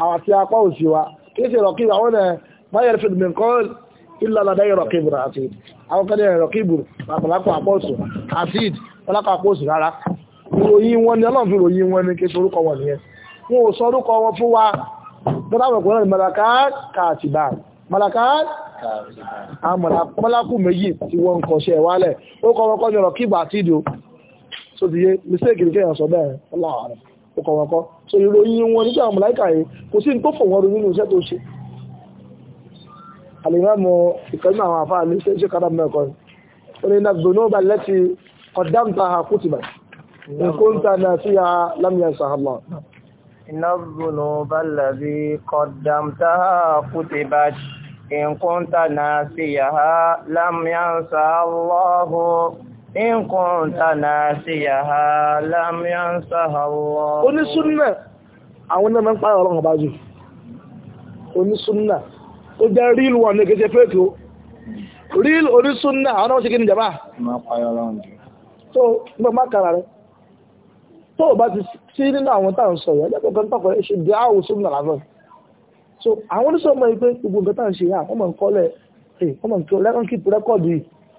àwọn àti apá òsì wa kí ṣe rọ̀kí àwọn ẹ̀ báyẹ̀ fi min qawl illa ladayhi raqibun atid àwọn kan ní rọ̀kíbù pàpàlápọ̀ àpọ̀sù atid pàpàlápọ̀ àpọ̀sù rárá ìròyìn wọn ni ọlọ́run fi ròyìn wọn ni kí ṣe orúkọ wọn nìyẹn wọn ò sọ orúkọ wọn fún wa bọ́láwọ̀ kò náà malakat kàtìbà malakat amọ̀lákù méjì tí so ti yé mistake ní kéèyàn sọ bẹ́ẹ̀ ọlọ́run ọkọ̀wọ̀kọ́ so ìròyìn wọn níṣẹ́ àwọn mọ̀láìkà yìí kò sí tó fò wọn ronú iṣẹ́ tó ṣe alìmọ́mọ̀ ìkẹ́lú àwọn àfáà ní ṣe kára mẹ́kọ̀ọ́ ó ní iná gbónóbà lẹ́ti ọ̀dáǹta ha kútìbà ìkóńtà náà sí ya lámìyàn sàhàlọ́ in kunta nasiyaha lam yansaha Allah onísúnnà àwọn náà máa ń pààrà ọlọ́run bá jù onísúnnà ó jẹ́ real one ní kẹsẹ̀ fake o real onísúnnà àwọn náà ṣe kí ní jàmbá So, gbọ́n má kàrà rẹ̀ tó bá ti sí nínú àwọn táà ń sọ yẹn lẹ́kọ̀ọ́ kan tọ́kọ̀ ṣe dé àwọn súnnà lásán so àwọn oníṣòwò mọ̀ pé gbogbo nǹkan táà ń ṣe yà wọ́n mọ̀ ń kọ́lẹ̀ eh, wọ́n mọ̀ ń kí rẹ́kọ̀ọ́dù yìí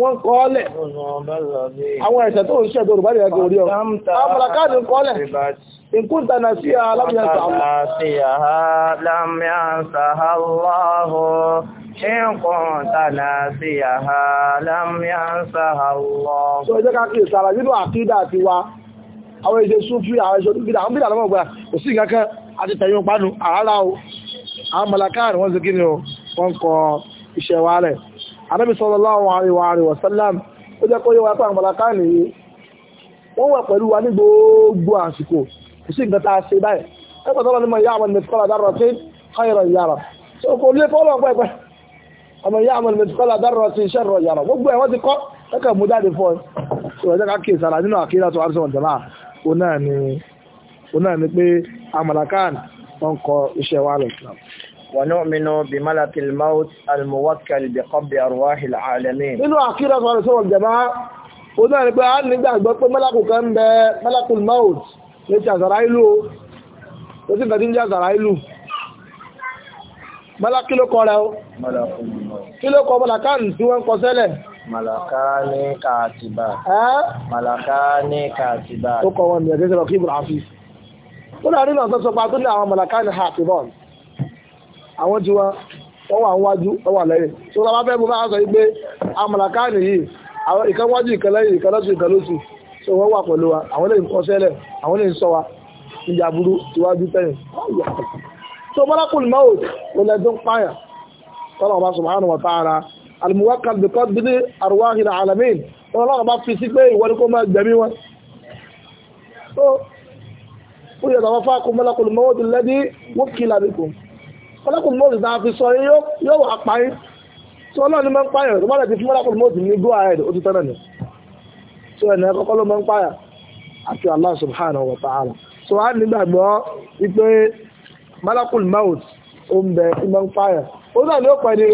wọ́n kọ́ọ́lẹ̀ àwọn ẹ̀ṣẹ̀ tó ń ṣẹ́ tó rùbá nìyàgò orí ọ àmàlàkáàdì kọ́ọ́lẹ̀ ìkúta na sí àwọn èdè súnfí àwọn èdè òdúgbìdà àwọn bídà lọ́mọ̀gbà kò sí àti tẹ̀yìn pánú àárá o àwọn mọ̀lákáàrì wọ́n sí ni o wọ́n kọ iṣẹ́ wálẹ̀ anábì sallallahu alaihi wa sallam ó jẹ́ kó yẹ wá pé àwọn mọ̀láká nìyí wọ́n wà pẹ̀lú wa ní gbogbo àsìkò kò sí nǹkan tá a ṣe báyìí ẹgbẹ́ tó lọ ní mọ̀ ìyá àwọn mẹ́tíkọ́lá dárọ̀ sí khayran yara so gbogbo ẹ̀ ti kọ́ ẹ̀kẹ́ mú jáde fọ́ so ẹ̀jẹ̀ ká nínú àkíyà tó àrísọ̀ ọ̀dọ̀lá òun ni pé amalakan wọn kọ iṣẹ́ wa lọ ونؤمن بملك الموت الموكل بقبض أرواح العالمين إنه أخيرا صلى الله عليه وسلم ọdún àrẹ́gbẹ́ a nígbà àgbọ́ pé mẹ́lákù kan ń bẹ mẹ́lákù mouth ní ti àzàrà ìlú o tó sì gbẹ̀dí ń jẹ́ àzàrà ìlú mẹ́lákù ló kọ́ rẹ̀ o kí ló kọ́ mẹ́lákà ń tí wọ́n kọ sẹ́lẹ̀ mẹ́lákà ní kàtìbà mẹ́lákà ní kàtìbà ó kọ́ wọn ní ẹ̀gẹ́sẹ̀ àwọn tiwa wọ́n wà níwájú wọ́n wà lẹ́yìn tó bá fẹ́ mú bá sọ wípé amàlàká nìyí ìkan wájú ìkan lẹ́yìn ìkan lọ́sùn ìkan lọ́sùn tó wọ́n wà pẹ̀lú wa àwọn lè ń kọ́ sẹ́lẹ̀ àwọn lè ń sọ wa ìjà burú tiwájú tẹ̀yìn tó mọ́lákùn mọ́ò lọ́lẹ̀ tó ń pààyàn tọ́lọ̀ ọba subhanahu wa ta'ala al-muwakkal bi qabdi arwahil alamin ọlọ́run bá fi sí pé ìwọ́n kó máa gbẹ̀mí wọn ó yẹ tàwọn fáakùn mọ́lákùn mọ́ò lẹ́dí wọ́n kí lábẹ́kùn mọ́lákùn mọ́ọ̀dù náà fi sọ yóò wà parí tí ọlọ́run ní máa ń pààyàn tó bá lẹ̀ ti fún mọ́lákùn mọ́ọ̀dù ní go ahead ó ti tẹ́lẹ̀ ni tí ẹ̀nà ẹ̀kọ́kọ́ ló máa ń pààyàn àti Allah subhanahu wa ta'ala so a nígbàgbọ́ wípé mọ́lákùn mọ́ọ̀dù ó ń bẹ tí máa ń pààyàn ó náà ni ó pẹ̀ ní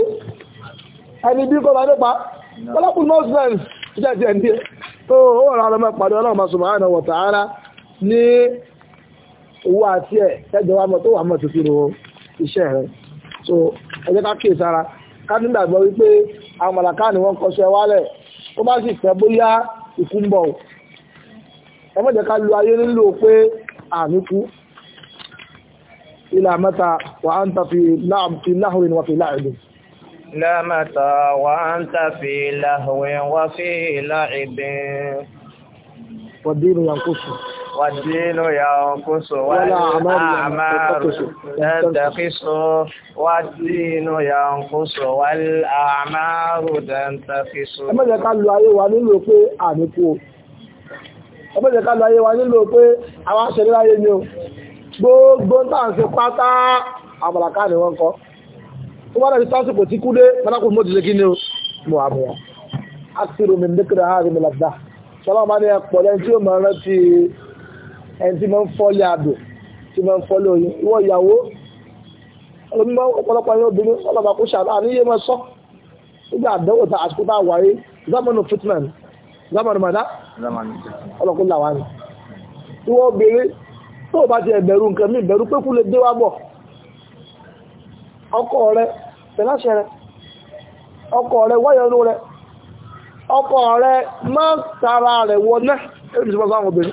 ẹni bí kọ́ba nípa mọ́lákùn mọ́ọ̀dù náà jẹ́ ti ẹ̀ndí tó ó rà lọ́mọ pàdé ọlọ́run subhanahu wa ta'ala ní owó àti ẹ̀ tẹ́jọ wa mọ̀ tó wà mọ̀ tuntun iṣẹ́ rẹ̀ so ẹ jẹ́ ká kíyè sára ká nígbàgbọ́ wípé àwọn màlàká ni wọ́n kọṣẹ́ wálẹ̀ ó bá sì fẹ́ bóyá ikú ń bọ̀ ẹ má jẹ́ ká lu ayé nílò pé àmì kú ilà mẹ́ta wà á ń tafi láhùn wà fi láàrin لا متى وأنت في لهو وفي لعب والدين ينقصه والدين ينقص والأعمال تنتقص والدين ينقص والأعمال تنتقص ẹmọ́ jẹ́ ká lo ayé wa nílò pé àníkú ẹmọ́ jẹ́ ká lo ayé wa nílò pé àwọn aṣẹ́lẹ́ ayé ni o gbogbo ń tàn sí pátá àmàlàká ni wọ́n kọ́ tó wọ́n rẹ̀ sásìkò tí kúdé mọ́lákù mọ́dílé kí ni o mọ́ àmúwa ẹni tí máa ń fọ́lé àdùn tí máa ń fọ́lé oyin ìwọ ìyàwó ọlọ́mọ ọ̀pọ̀lọpọ̀ yóò àníyé sọ nígbà àdánwò tá àsìkò tá wáyé zamanu fitman mada ọlọ́kùn làwà ni obìnrin tó o bá ti ẹ̀bẹ̀rù nǹkan mi ìbẹ̀rù pé kú lè dé rẹ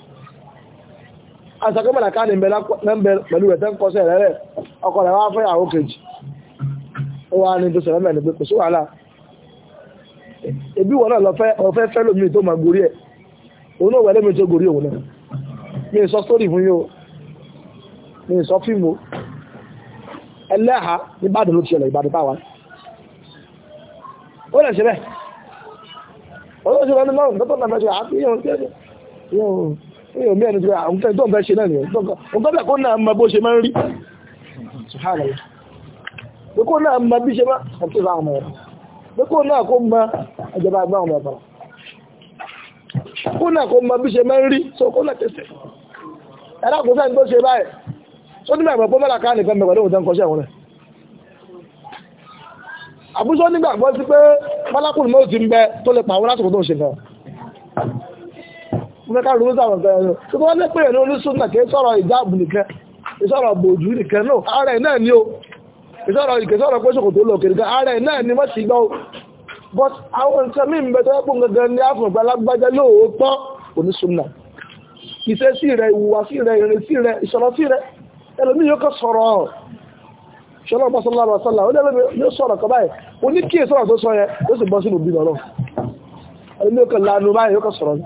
asàkọ́mọ̀lá káàdì mẹ́bẹ̀ pẹ̀lú rẹ̀ tẹ́ń kọsẹ̀ rẹ̀ rẹ̀ ọkọ̀ rẹ̀ wá fẹ́ àwọn kejì ó wá ní tó sọ̀rọ̀ mẹ́rin pé kò sí wàhálà ẹbí wọn náà lọ fẹ́ ọ̀fẹ́ fẹ́ lómi tó máa gorí ẹ̀ òun náà wẹ̀lẹ́ mi tó gorí òun náà mi sọ sórí fún yóò mi sọ fíìmù ẹlẹ́ha ní bàdàn ló ti ṣẹlẹ̀ ìbàdàn táwa ó lè ṣe bẹ́ẹ̀ olóṣèlú ẹni márùn-ún ní omi ẹni tó àwọn fẹ́ tó ń fẹ́ ṣe náà nìyẹn nǹkan bẹ̀ kó náà mọ bó ṣe máa ń rí pé kó náà mọ bí ṣe máa ń tó sáwọn ọmọ ẹ̀rọ pé kó náà kó mọ ìjọba àgbà ọmọ ẹ̀rọ kó náà kó mọ bí ṣe máa ń rí so kó náà tẹ̀sẹ̀ ẹ̀rọ kò sẹ́ni tó ṣe báyìí tó nígbà gbọ́ mọ́lá ká nìkan mẹ́kọ̀ọ́ lóhùn tó ń kọ́ṣẹ́ wọn àbúṣọ́ nígbàgbọ́ sí pé pálákùnrin mọ́ ti ń bẹ tó lè pàwọn lásìkò tó ń ṣe náà mẹ́ká ló sàwọn gbẹ̀rẹ̀ tó wọ́n lé pé ìlú súnà kìí sọ̀rọ̀ ìjáàbù nìkan ìsọ̀rọ̀ bòjú nìkan náà ààrẹ náà ni ó ìsọ̀rọ̀ ìkẹsọ̀rọ̀ pẹ́sọ̀kò tó lọ kìrìkan ààrẹ náà ni mọ́sí gbọ́ but àwọn nǹkan mí bẹ tó yẹ́pọ̀ gangan ní àfọ̀gbà lágbájá lóòótọ́ òní ìṣe sí rẹ ìwà sí rẹ ìrìn rẹ ìṣọ̀rọ̀ sí rẹ ẹlòmí yóò kọ sọ̀rọ̀ ṣọlọ́ bá sọlá ó lẹ́lẹ́mí yóò sọ̀rọ̀ kọ báyìí ó tó sọ yẹ ó sì bọ́ sínú bí lọ́rọ̀ ẹlòmí yóò kọ lanu báyìí yóò kọ sọ̀rọ̀ yìí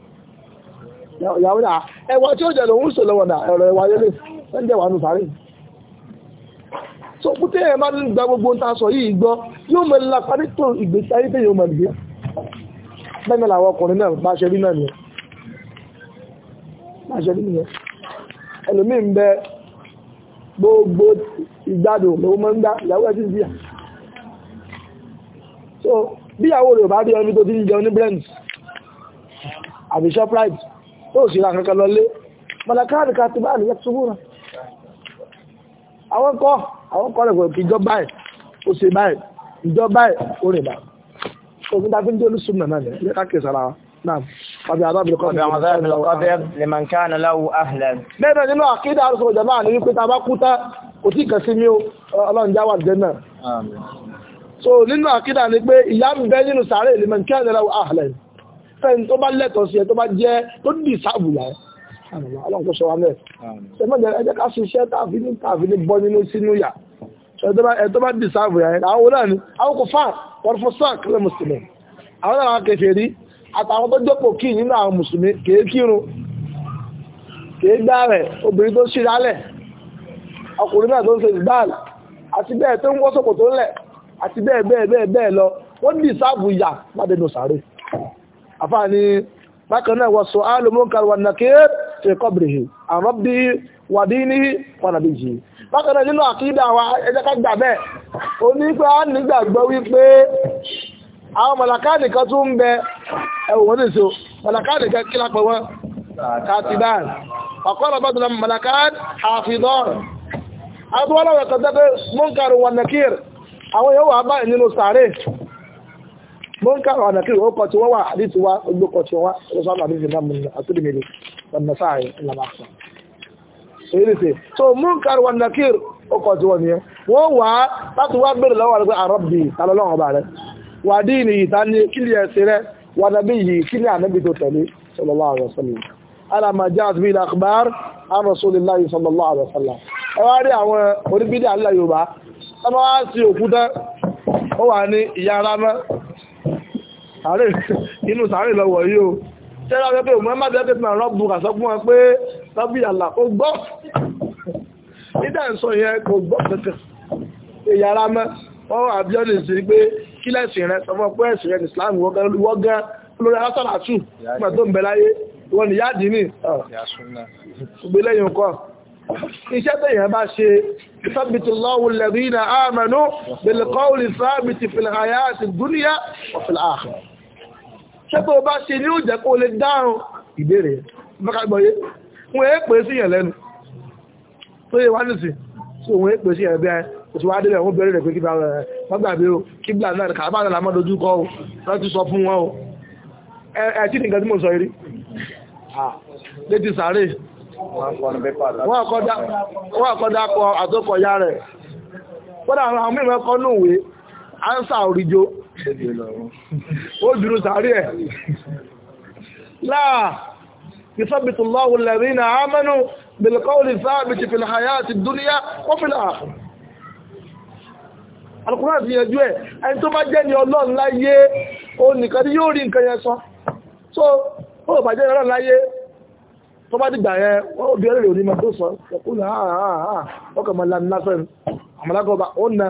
ìyàwó náà ẹwà tí ó jẹ lòun sọ lọ́wọ́ náà ẹwà yẹlé ń wà nù sáré so kúté ẹ̀ máa ń gba gbogbo ń ta sọ yìí gbọ́ yóò mọ̀ lápá nítò ìgbésí ayé tẹ̀yìn ọmọ ìgbé bẹ́ẹ̀ làwọn ọkùnrin náà bá ṣe rí náà nìyẹn bá ṣe rí nìyẹn ẹlòmíì ń so bíyàwó rẹ̀ bá rí ẹni tó ti ń jẹun ní blends àbí shoprite tó sì ra kankan lọlé mọ̀lákáàdì ká ti bá àlè yẹ́tùsùgbù rẹ̀ àwọn kọ́ àwọn kọ́ rẹ̀ kì jọ báyìí ó sì báyìí ìjọ báyìí ó rìn bá òfin tàbí ní olùsùn náà náà yẹ ká kèsà ara náà ọbẹ̀ àbábìlì kọ́ ọbẹ̀ àwọn ọbẹ̀ ọbẹ̀ lèman kánà láwù ahlẹ̀ bẹ́ẹ̀ nínú àkídà àrùsọ̀ jàmáà ní wípé ta bá kú tá kò tí kàn sí mi ó ọlọ́run jáwà jẹ́ náà so nínú àkídà ni pé ìyá ń bẹ nínú sàárè lèman kánà láwù ahlẹ̀ fẹ́ni tó bá lẹ́tọ̀ọ́ sí ẹ tó bá jẹ́ tó dì sáàbù láyé ọlọ́run kó sọ wa mẹ́ẹ̀ ṣẹ́mọ́jẹ ẹjẹ́ ká ṣiṣẹ́ tààfi ní tààfi ní bọ́ nínú sínú yà ẹ tó bá dì sáàbù láyé àwọn náà ni àwọn kò fà wọ́n fọ́ sáà kílẹ̀ mùsùlùmí àwọn náà kẹfẹ́ rí àtàwọn tó jókòó kí nínú àwọn mùsùlùmí kèé kírun kèé gbá rẹ̀ obìnrin tó ṣì rálẹ̀ ọkùnrin náà tó ń ṣe ìgbáàlì àti bẹ́ẹ̀ tó ń wọ́sọ̀kò tó ń lẹ̀ àti bẹ́ẹ̀ bẹ́ẹ̀ bẹ́ẹ̀ lọ wọ́n dì sáàbù yà má dénú àfáà ní bákan náà wọ́n sọ alùmọ́kàrù wà nàkíyẹ́ ti kọ́bìrì àrọ́bí wà dí ní pàdàbí yìí nínú àkídà wa ẹjẹ́ ká gbà bẹ́ẹ̀ ó ní pé a nígbàgbọ́ wípé àwọn mọ̀làká nìkan tún ń bẹ ẹ̀wọ̀n wọn nìso mọ̀làká nìkan kí lápẹ̀ wọn katiban ọ̀kọ́rọ̀ bá dùn mọ̀làká hafidọ́r àbúrò ọlọ́wẹ̀ kan tẹ́tẹ́ mọ́kàrù wà àwọn yóò wà báyìí nínú sàárè munkar wa nakir ó kọ tí wọ́n wà àdìtì wá ogbó kọ tí wọ́n wá ó sábà àdìtì náà mú àtúndì mèrè ọ̀nà sáàyè ńlá sọ. èyí ti so munkar wa nakir ó kọ tí wọ́n nìyẹn wọ́n wà á láti wá gbèrè lọ́wọ́ rẹ̀ pé àrọ́bì talọ́lọ́wọ́ bá rẹ̀ wà á dín ìyí tani kí ni ẹ̀sìn rẹ̀ wà á nàbí sàárè inú sàárè lọ́wọ́ yìí o tẹ́lá rẹ pé òun mẹ́màdé ẹgbẹ́ tí máa rọ́bù kà sọ fún wọn pé rọ́bì àlà kò gbọ́ nígbà ń sọ yẹn kò gbọ́ kankan ìyára mẹ́ wọ́n àbíọ́dé sí pé kí lẹ́sìn rẹ sọ tó ń bẹ láyé wọ́n ni yáàdì ní ìgbélẹ́yìn kọ́ iṣẹ́ tẹ̀yàn bá ṣe ìsábìtì lọ́wọ́ ṣé tó bá ṣe ní òjẹ́ kó lè dáhùn ìbéèrè mọ́kàgbọ́yé wọ́n é pè sí yẹn lẹ́nu tó yẹ wá nìsí so wọ́n é pè sí yẹn bí i òṣù wá délẹ̀ wọ́n bẹ̀rẹ̀ rẹ̀ pé kíbla rẹ̀ mọ́gbàgbé o kíbla náà kàbá náà lámọ́ dojú kọ o wọ́n ti sọ fún wọn o ẹ tí nìkan tí mo sọ yìí létí sàárè wọ́n àkọ́dá kọ àtọ́kọ̀ yá rẹ̀ kódà àwọn mìíràn kọ́ nùwé ánsà òrìjó ó dúró sàárì ẹ̀ láà ìsọ́bìtì lọ́wọ́ lẹ́rí na ámẹ́nu bilkọ́lì sáàbìtì fìlhàyà àti dúníyà ó fìlà àkùn alùkùnrin àti yẹjú ẹ̀ ẹni tó bá jẹ́ ni ọlọ́run láyé o nìkan tí yóò rí nǹkan yẹn sọ so ó bà jẹ́ ọlọ́run láyé tó bá dìgbà yẹn ó bí ọlọ́run onímọ̀ tó sọ ẹkùn náà ọkọ̀ mọ̀ lánàá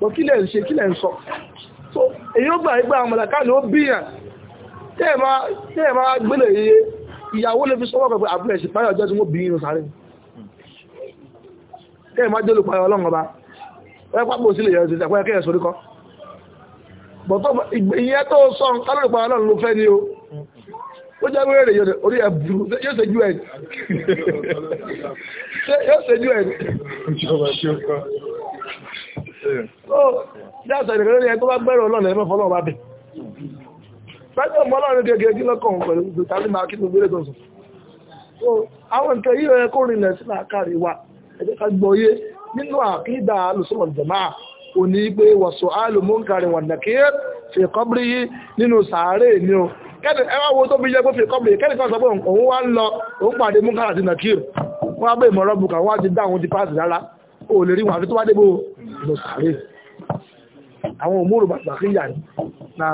tó kílẹ̀ ń ṣe kílẹ̀ ń sọ so èyí ó gbà ìgbà àmàlàká ni ó bíyàn tẹ́ẹ̀ máa gbélé iye ìyàwó lè fi sọ́wọ́ pẹ̀pẹ̀ àbúrẹ̀ sí páyọ̀ jẹ́ tí wọ́n bí inú sáré tẹ́ẹ̀ máa jẹ́lù páyọ̀ ọlọ́run ọba wọ́n pápò sílẹ̀ yẹn ti tẹ̀kọ́ kẹ́yẹ̀ sórí kọ́ bọ̀tọ́ ìyẹn tó sọ kálọ̀rù páyọ̀ ọlọ́run ló fẹ́ ni o ó jẹ́ wéré orí ẹ̀bùrú yóò ṣe ju dáàsọ̀ ìrẹ̀kẹ́ lórí ẹgbẹ́ bá gbẹ́rọ ọlọ́run ẹgbẹ́ fọlọ́run bá bẹ̀ pẹ́sẹ̀ ọmọ ọlọ́run gẹ́gẹ́ kí lọ́kàn pẹ̀lú tàbí máa kí tó gbélé tó sùn so àwọn nǹkan yìí rẹ̀ kó rinlẹ̀ sí làákàrí wa ẹgbẹ́ ká gbọ́yé nínú àkídà alùsùnmọ̀ jẹ̀máà òní pé wọ̀sọ̀ alùmọ́nkàrin wà nàkíyẹ́ fi kọ́bírí yìí nínú sàárè ni o kẹ́ni ẹwà wo tó fi yẹ kó fi kọ́bírí kẹ́ni kan sọ pé òun wá ń lọ òun pàdé múnkàrà àti nàkíyẹ́ wọ́n á bẹ̀ ìmọ̀ràn lọ sàárè àwọn òmúrò bàtàkìyà náà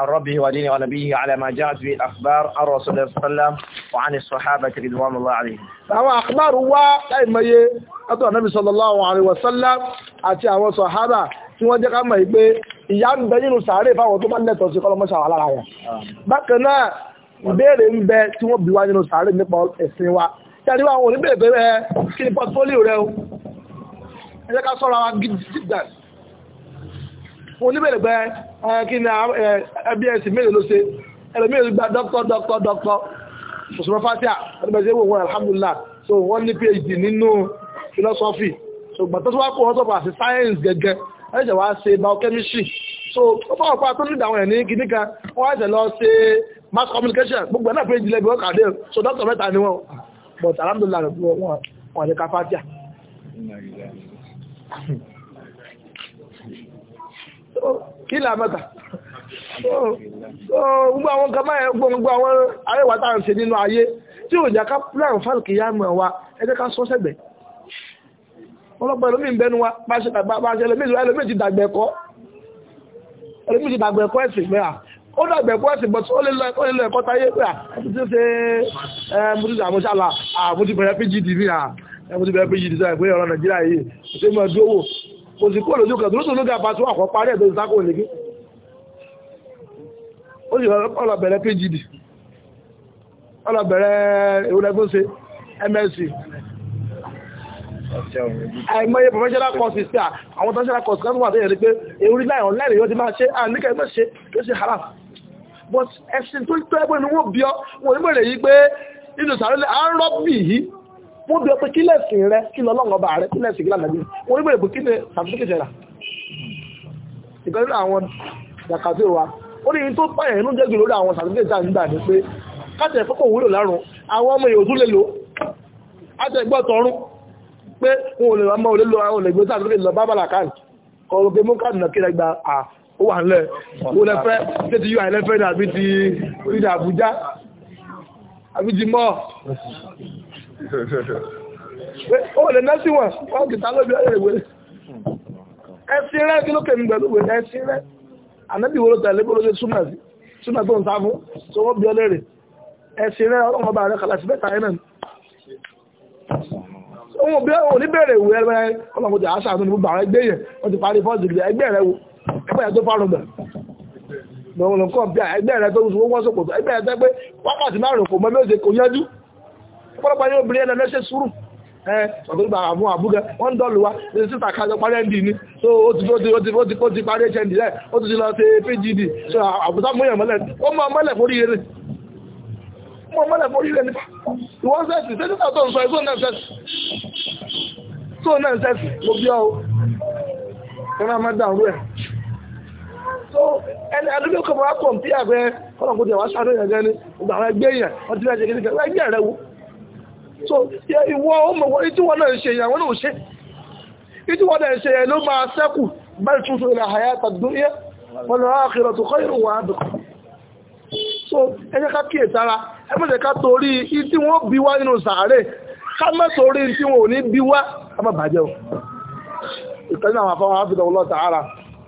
عن ربه ودينه ونبيه على ما جاءت به الأخبار عن رسول الله صلى الله عليه وسلم وعن الصحابة رضوان الله عليهم àwọn àkbàr wá láìmọye látọ̀ ànábì sallallahu alaihi wasallam àti àwọn sàhábà tí wọ́n jẹ́ ká mọ̀ pé ìyà ń bẹ nínú sàárè fáwọn tó bá lẹ́tọ̀ sí kọ́lọ́mọ́ sàwà lára wọn ẹjẹ́ ká sọ́ra wa gidigan wọn níbẹ̀rẹ̀ kí ni ẹbí ẹ̀sìn ló ṣe ẹlòmíràn gba dọ́kítọ́ dọ́kítọ́ dọ́kítọ́ òṣùwọ̀n fatia ẹgbẹ̀sẹ̀ wò wọn alhamdulillah so wọ́n ní phd nínú philosophy so gbàtọ́ tó wá kó wọ́n sọ̀rọ̀ àti science gẹ́gẹ́ ẹ̀ṣẹ̀ wá ṣe biochemistry so ó fọwọ́ pa tó nídà àwọn ẹ̀ ní kíní kan wọ́n ẹ̀ṣẹ̀ lọ ṣe mass communication gbogbo náà phd lẹ́bi wọ́n kàdé so dọ́kítọ̀ mẹ́ta ni wọ́n but alhamdulillah wọn àti ká fatia kí là mẹ́ta gbogbo àwọn kama ẹ̀ gbogbo àwọn arẹ́wàtà ń ṣe nínú ayé tí ò jẹ́ ká plan fálkì yá mọ̀ wa ẹjẹ́ ká sọ sẹ́gbẹ̀ ọlọ́pàá ẹlòmí ìbẹnu wa bá ṣe ẹlòmí ti dàgbẹ̀ ẹ̀kọ́ ẹ̀sìn mẹ́ra ó dàgbẹ̀ ẹ̀kọ́ ẹ̀sìn bọ̀tí ó lè lọ ẹ̀kọ́ táyé pé à ẹmú ti bẹ́ẹ̀ pé yìí dísáì pé ọ̀rọ̀ nàìjíríà yìí ṣe mọ̀ dúówò kò sí kó lójú kan tó lóṣù lóga bá tó àkọ́ parí ẹ̀dọ́ ìsákò nìkí ó sì but ẹ̀sìn tó tọ́ ni wọ́n bí ọ wọ́n nígbèrè yìí pé inú sàrẹ́lẹ̀ à yìí wọ́n bẹ̀rẹ̀ pé kí lẹ́sìn rẹ kí lọ lọ́wọ́ ọba rẹ kí lẹ́sìn kí lánàá bí wọ́n ní bẹ̀rẹ̀ pé kí ni sàtúnṣe rà ìkan nínú àwọn jàkàtì wa ó ní tó pààyàn inú jẹ́gì lórí àwọn sàtúnṣe tá à ń gbà ní pé káṣẹ̀ fọ́kọ̀ wúlò lárùn àwọn ọmọ yòó tún lò áṣẹ gbọ́ pé wọn ò lè ọmọ òlè àwọn olègbè sàtúnṣe Oh, ó lè ná sí wọn wọn kì í ta lóbi ọyọ ìwé ẹsìn rẹ kí ló kẹ́ mi pẹ̀lú ìwé ẹsìn rẹ ànábì wo ló tẹ̀lé bó ló ṣe súnmọ̀ sí súnmọ̀ tó ń sá fún tó wọ́n bí ọ lérè ẹsìn rẹ ọlọ́wọ́n bá rẹ kàlà sí mẹ́ta ẹ̀ náà ohun bí òní bẹ̀rẹ̀ ìwé ẹgbẹ́ ọlọ́mọdé àṣà tó ní gbogbo àwọn ẹgbẹ́ yẹn wọ́n ti parí fọ́ọ̀sì ìgbẹ́ ẹgbẹ́ rẹ wo ẹgbẹ́ rẹ tó fárùn bẹ̀ lọ́wọ́n kọ́ bí ẹgbẹ́ rẹ tó wọ́n sọ̀pọ̀ ẹgbẹ́ rẹ tẹ́ pé wákàtí márùn kò mọ́ bí ó ṣe kò yanjú ọ̀pọ̀lọpọ̀ yóò bèrè ẹ̀nà lẹ́sẹ̀ sùúrù ọ̀dọ́gba àwọn àbúgẹ wọ́n ń dọ́lù wa ní sísà kájọ parí nd ni so ó ti ó ti ó ti ó ti parí hnd rẹ̀ ó ti ti lọ sí pgd so àbúsá mú yàn mọ́lẹ̀ ó mọ mọ́lẹ̀ forí rere mọ mọ́lẹ̀ forí rere nípa ìwọ́n sẹ́sì sẹ́sì náà tó ń sọ ìṣó náà sẹ́sì tó náà sẹ́sì mo bí ọ́ kọ́nà ẹni adúgbò kọ́ mọ́ wá kọ̀ ń pí àgbẹ̀ kọ́nà kó ti wá yẹn gẹ́ni gbàgbẹ́ yẹn wọ́n ti so ìwọ ọmọ ìtíwọ́ náà ṣe ìyàwó náà ṣe ìtíwọ́ náà ṣe ẹ̀ ló máa sẹ́kù bal tutu ila hayata ad-dunya wal akhiratu khayrun wa abqa so ẹjẹ́ ká kíyè sára ẹmọ́jẹ́ ká torí tí wọ́n bí wá nínú sàárè ká mọ́ torí tí wọ́n ò ní bí wá ọmọ bàjẹ́ o ìtẹ́lẹ̀ àwọn afọ́wọ́n áfíìdọ̀ ọlọ́ta ara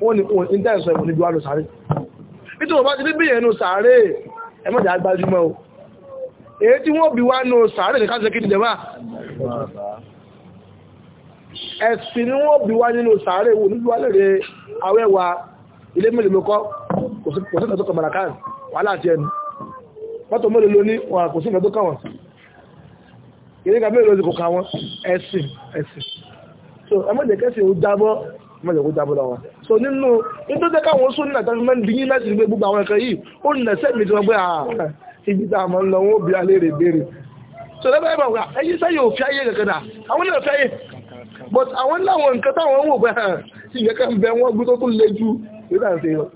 wọ́n ni ìtẹ́ẹ̀sọ ìwọ̀n ní bí wá nínú sàárè nítorí wọ́n bá ti bí bí yẹn nínú sàárè ẹmọ́jẹ́ agbájúmọ́ o èyí tí wọ́n bí wá ní sàárẹ̀ ní káṣẹ́ kí jẹmá ẹ̀sìn ni wọ́n bí wá nínú sàárẹ̀ wò nílùú alẹ́rẹ̀ awẹ́wà ilé mẹ́lẹ̀lọ́kọ́ kò sí ìtọ́tọ́kọ̀ marakan wà láti ẹnu mọ́tò mẹ́lẹ̀ ló ní wà kò sí ìtọ́tọ́kọ̀ wọn ìrìnkà mẹ́lẹ̀ ló so ẹmọ́jẹ̀kẹ́sìn ó jábọ́ mọ́jẹ̀kú jábọ́ lọ́wọ́ so nínú nítorí káwọn sún náà tàbí mẹ́rin ibi tá a máa ń lọ wọn ó bí alẹ́ rè béèrè so lẹ́bàá ìbọn wà ẹyí sẹ́yìn òfin ayé kankan dà àwọn ilé òfin ayé but àwọn láwọn nǹkan táwọn ń wò pé hàn sí ìyẹ́kẹ́ ń bẹ wọ́n gbé tó tún le ju ìgbà ṣe lọ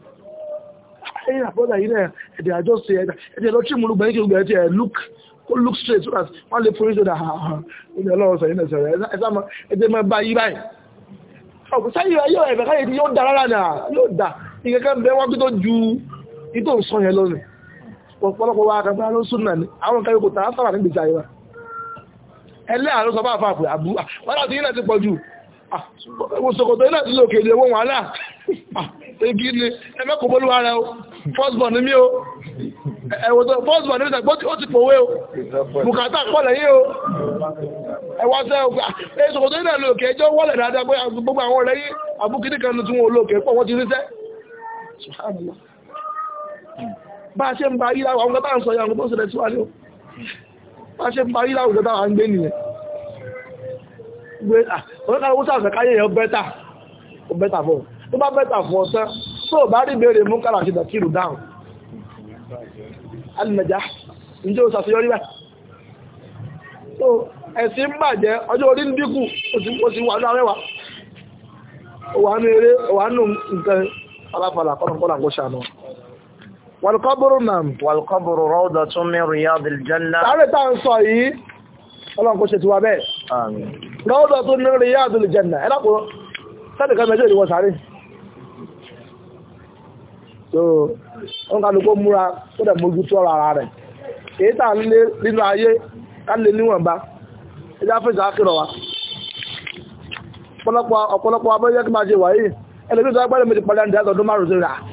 ẹ̀yìn àbọ́dà yìí náà ẹ̀dẹ̀ àjọ ṣe ẹ̀dà ẹ̀dẹ̀ lọ tí mo lùgbà yìí kí gbẹ̀rẹ̀ tí ẹ̀ look ó look straight so that wọ́n lè forí sódà ààrùn ní ọlọ́run sọ̀rọ̀ ẹ̀dẹ̀ sọ̀rọ̀ ẹ̀dẹ̀ máa ẹ̀dẹ̀ máa bá yìí báyìí ọ̀pọ̀ sáyìí ayé ẹ̀fẹ̀ káyìí yóò da rárá nà yóò da ìkẹ́kẹ́ bẹ́ wọ́n tó ju ìtò sọ yẹn lónìí pọ̀pọ̀lọpọ̀ wa àkàgbà ló súnà ní àwọn nǹkan yòókù tàà sára nígbèsè àyíwá ẹlẹ́ àrùn sọ bá àfà àpè àbú wọ́n láti ilẹ̀ ti pọ̀ jù ṣòkòtò ilẹ̀ ti lò kéde owó wàhálà igi ni ẹmẹ́kò bólú ara o fọ́sbọ̀n ní mí o ẹ̀wọ̀tọ̀ fọ́sbọ̀n ní ìtàgbọ́ tí ó ti pòwé o bùkátà pọ̀ lẹ́yìn o ẹwọ́sẹ̀ ọgbà ẹ̀ ṣòkòtò ilẹ̀ lò kéde ẹjọ́ wọ́lẹ̀ dáadáa gbogbo àwọn ọ̀rẹ́yìn àbúkídìkan tún olóòkè pọ̀ wọ́n ti ríṣẹ́ bá ṣe ń parí láwọ̀ àwọn gbọ́ta ń sọ ìyàwó tó ṣẹlẹ̀ síwájú bá ṣe ń wà ń gbé nìyẹn bá fọ́ tó bá rí bèèrè mú sí dàkírù dáhùn alìmẹ̀já o sàfihàn bá tó ẹ̀sìn bàjẹ́ ọjọ́ orí ń dínkù sì wà ní wà ní eré wà nǹkan kọ́nàkọ́nà wàlùkọ́bùrù náà. wàlùkọ́bùrù rọ́ọ̀dọ̀ tún min riyadil janna. sáré tá à ń sọ yìí ọlọ́run kò ṣe tiwa bẹ́ẹ̀. rọ́ọ̀dọ̀ tún min riyadil janna ẹ dákun sẹ́ni kan mẹ́jọ ìwọ sáré. so wọn kà ló kó múra kó dẹ̀ mójú tó ara rẹ̀ èyí tá ń lé nínú ayé ká lè níwọ̀nba ẹ já fèsì àkìrọ̀ wa. ọ̀pọ̀lọpọ̀ abẹ́yẹ́ kí máa ṣe wáyé ẹlẹ́gbẹ̀ẹ́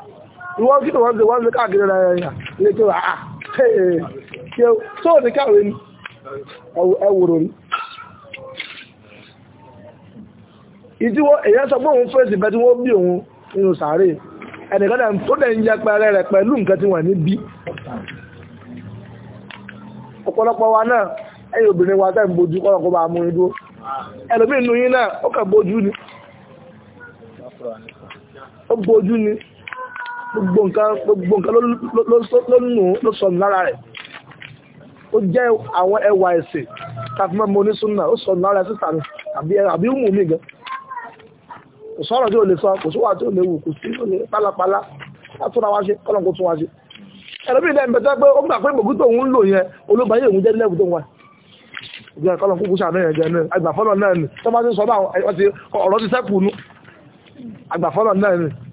ìwọ́n kí ni wọ́n ṣe wọ́n ṣe káàkiri ra ẹ̀yà lẹ́tọ́ àà ṣe tó ah, ní káàwé ní ẹwùrò ní ìdíwọ́ èyàn sọ pé òun fèsì bẹ́ tí wọ́n bí òun nínú sàárè ẹnìkọ́dà tó dẹ̀ ń jẹ pẹrẹ rẹ̀ pẹ̀lú nǹkan tí wọ́n ní bí ọ̀pọ̀lọpọ̀ wa náà ẹ̀yìn obìnrin wa tẹ́ ń bojú kọ́rọ̀ kó bá mú idó ẹlòmí inú yín náà ó kà bojú ni ó bojú ni gbogbo nǹkan ló nù ló sọ̀nù lára rẹ̀ ó jẹ́ àwọn ẹwà ẹ̀sìn tàbí mọ́ ní súnà ó sọ̀nù lára sísà ní àbí ń mú mi gan kò sọ̀rọ̀ tí ò lè sọ kò sí wà tí ò lè wù kò sí ò lè pálapàla látúnra wá ṣe kọ́lọ̀ kó tún wá ṣe ẹ̀rọ̀bí ilẹ̀ ìbẹ̀tẹ́ pé ó gbà pé ìbòkú tó ń lò yẹn olóbáyé òun jẹ́ lẹ́bù tó wà ìgbà kọ́lọ̀ kúkú sàmẹ́yẹn jẹ́ náà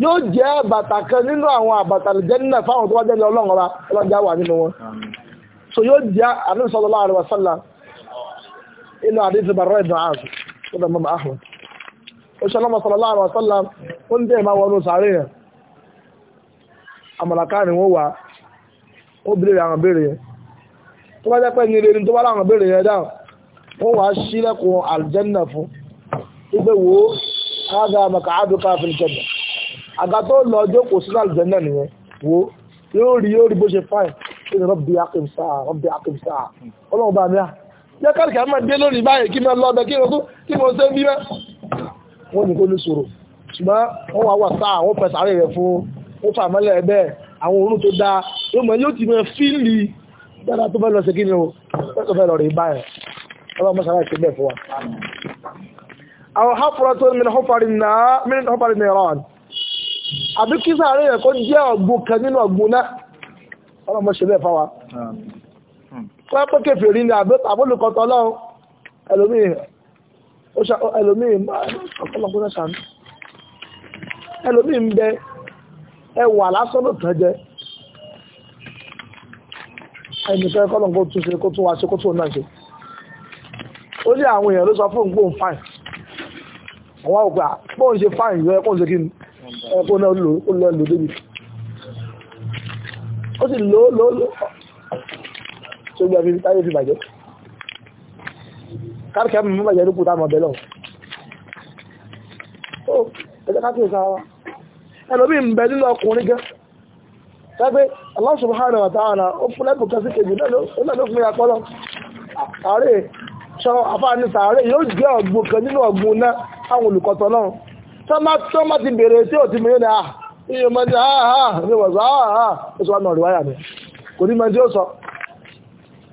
yóò jẹ́ bàtà kan nínú àwọn àbàtà àlùjánnà fáwọn tó wá jẹ́ ọlọ́run ọlọ́jà wà nínú wọn so yóò jẹ́ Ànábì sallallahu alaihi wasallam inú àdíjì bàrọ̀ ìdùn ààrùn tó dà mọ́mọ́ ahùn ó ṣe ọlọ́mọ sallallahu alaihi wasallam ó ń dé ìmá wọnú sàárè yẹn àmàlàká ni wọ́n wà ó bèrè àwọn béèrè yẹn tó bá jẹ́ pé ní ìrìn tó bá láwọn béèrè yẹn dáhùn wọ́n wà àga tó lọ jókòó sínú àlùjànnà nìyẹn wo yóò rí yóò rí bó ṣe fáìn ṣe ní rọ́bì akim sáà rọ́bì akim sáà ọlọ́run bá mi à yẹ káàkiri àmà dé lónìí báyìí kí máa lọ́dọ̀ kí lóko kí mo ṣe ń bí mẹ́. wọ́n ní kó ní sọ̀rọ̀ ṣùgbọ́n wọ́n wá wà sáà wọ́n pẹ̀ sáré rẹ̀ fún ó fà mọ́lẹ̀ ẹ̀bẹ́ àwọn òórùn tó dáa yóò mọ̀ yóò ti mọ̀ fíìlì dáadáa tó fẹ́ lọ sí kí ni o tó fẹ́ lọ rí báyìí àbí kí sáré rẹ̀ kó jẹ́ ọ̀gbun kan nínú ọ̀gbun náà ọlọ́mọ ṣe bẹ́ẹ̀ fáwa tó yẹ pé kèfèrí ni àbólùkọtọ ọlọ́run ẹlòmíì ẹlòmíì ọ̀pọ̀lọpọ̀ náà ṣàánú ẹlòmíì ń bẹ ẹwà lásán ló tàn jẹ ẹnìkan kọ́lọ̀ kó tún ṣe kó tún wá ṣe kó tún náà ṣe ó ní àwọn èèyàn ló sọ fún òun pé fáìn àwọn òpè à ah, bóun ṣe fáìn yọ ẹ kóun ṣe kí ni ẹ̀kọ́ náà lò ó lọ lò débi ó sì lò ó lò ó lò tó gbà fi táyé fi bàjẹ́ káàkiri àmì mọ́ bàjẹ́ ní kúta mọ̀ bẹ́lọ̀ ó ẹ̀jẹ̀ káàkiri sára wa ẹlòmí ń bẹ nínú ọkùnrin gan tẹ́gbẹ́ Allah subhanahu wa ta'ala ó fún lẹ́kùn kan sí kejì náà ló fún ìyàpọ́lọ́ àárẹ̀ sọ àfáà ní sàárẹ̀ yóò jẹ́ ọ̀gbùn kan nínú ọ̀gbùn náà àwọn olùkọ́tọ̀ náà tọ́mọ́ ti bèèrè tí ò ti mìíràn ní àà ah, iye mọ́ ní àà ní wọ̀sọ̀ àà ó sọ ọ̀nà ìwáyà mi kò ní mọ́ tí ó sọ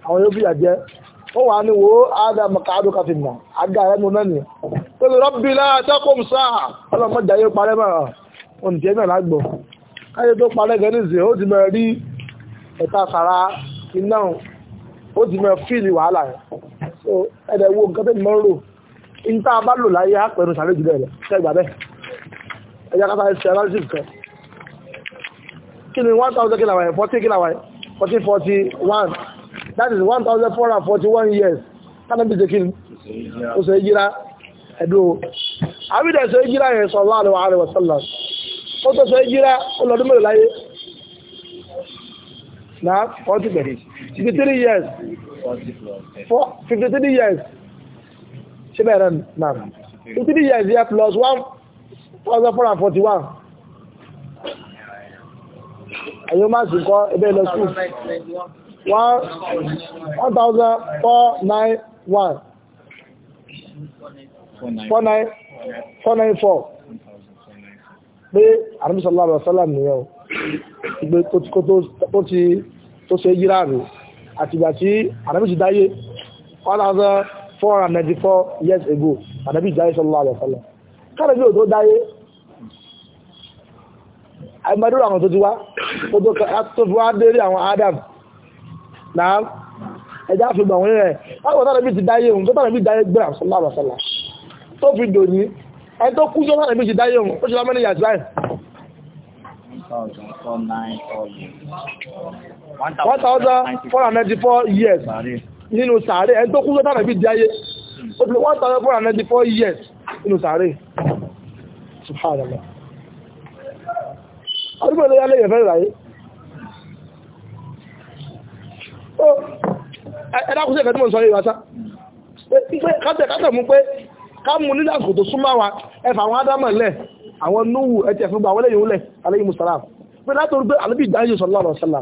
àwọn yóò fi àjẹ́ ó wà ní wo ádámù káàdù káfí nà àga ẹnu mẹ́ni pẹ̀lú rọ́bìlá tẹ́kùn sáà ọlọ́mọ jayé parẹ́ mọ́ òǹtẹ́ náà lágbọ́ káyé tó parẹ́ gẹ́ ní ìsìn ó ti mọ̀ rí ẹ̀ta sàrà iná ó ti mọ̀ fíìlì wàhálà ẹ̀ so ẹ̀dẹ̀ wo nǹkan tẹ́ in tá a bá lò láyé á pẹ̀lú sàárè jùlọ rẹ̀ ṣẹ́gbà bẹ́ẹ̀ ẹjá káta ẹsẹ̀ analysis kan kí ni one thousand kílàwà yẹn fourteen that is one thousand four hundred forty years kánábì ṣe kí ni ó ṣe yíra ẹ̀dùn o àbídẹ̀ ṣe yíra yẹn sallallahu alaihi wasallam ó tó ṣe yíra ó mẹ́rin láyé na forty fifty three years fifty three years ṣe bẹ́ẹ̀ náà náà fifty three years here plus one thousand four and forty one ẹ̀yọ́ máa sì kọ́ ẹgbẹ́ lọ school one thousand four nine one four nine four nine four pé àrùmísọ̀lá àbàsálà nìyẹn o ìgbé kó ti tó ṣe yíra rẹ̀ àtìgbà tí àrùmísọ̀ dáyé one thousand 494 years ago ànábì ìjáyé sallallahu alaihi wasallam káàdà bí òtó dáyé àìmọ̀dúrà àwọn tó ti wá tó fi wá dérí àwọn Adam náà ẹjá fi gbà wọ́n rẹ̀ láwọn tánàbí ti dáyé òun tó tánàbí dáyé gbà sallallahu alaihi years nínú sàárè ẹni tó kú tó tàbí di ayé ó ti 1494 years nínú sàárè subhanallah ọdún ìlú yálé ìyẹ̀fẹ́ ìràyé ẹ̀dàkùsẹ̀ ìfẹ́ tí mo sọ yìí wáṣá kátẹ̀ mú pé ká mú nílẹ̀ àsìkò tó súnmọ́ wa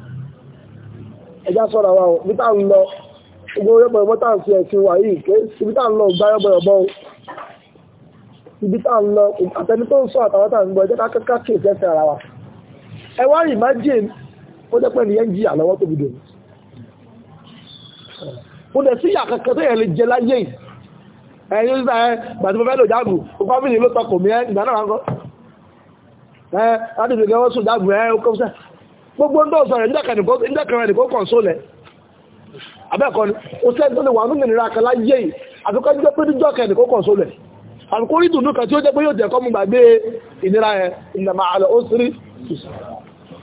ẹjá sọ́ra wa bí tá ń lọ gbogbo yọ́bọ̀ ẹ̀bọ́ tá ń fi ẹ̀sìn wà yìí pé ibi tá ń lọ gbá yọ́bọ̀ ẹ̀bọ́ ibi tá ń lọ àtẹni tó ń sọ àtàwọn tá ń gbọ́ ẹjẹ́ kákẹ́kẹ́ kí èsì ẹ̀sìn ara wa ẹ wá rìn máa jìn ó jẹ́ pé nìyẹn jìyà lọ́wọ́ tóbi dòní mo dẹ̀ sí ìyà kankan tó yẹ lè jẹ láyé yìí ẹ̀yin nígbà ẹ gbàtí mo fẹ́ lò jágùn ó fámìlì ló tọkọ̀ mí ẹ ìgbà náà wà ń kọ́ ẹ láti fi kẹ́ wọ́n sùn jágùn ẹ ó gbogbo ndọ́ ọ̀sọ̀rẹ̀ ìjẹ́kẹrẹ nìkan kàn sólẹ̀ abẹ́ẹ̀kọ́ ni ó sẹ́ni tó lè wà nínú ìnira kan láyé yìí àfikọ́ jẹ́ pé níjọ́ kẹ́ nìkan kàn sólẹ̀ àfikọ́ rí dùnú tí ó jẹ́ pé yóò jẹ́ gbàgbé ìnira ó sírí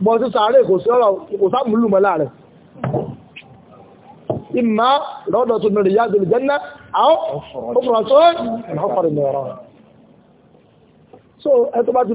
bọ́ sàárè kò sí ọ̀rọ̀ kò mọ́ so ẹ tó bá ti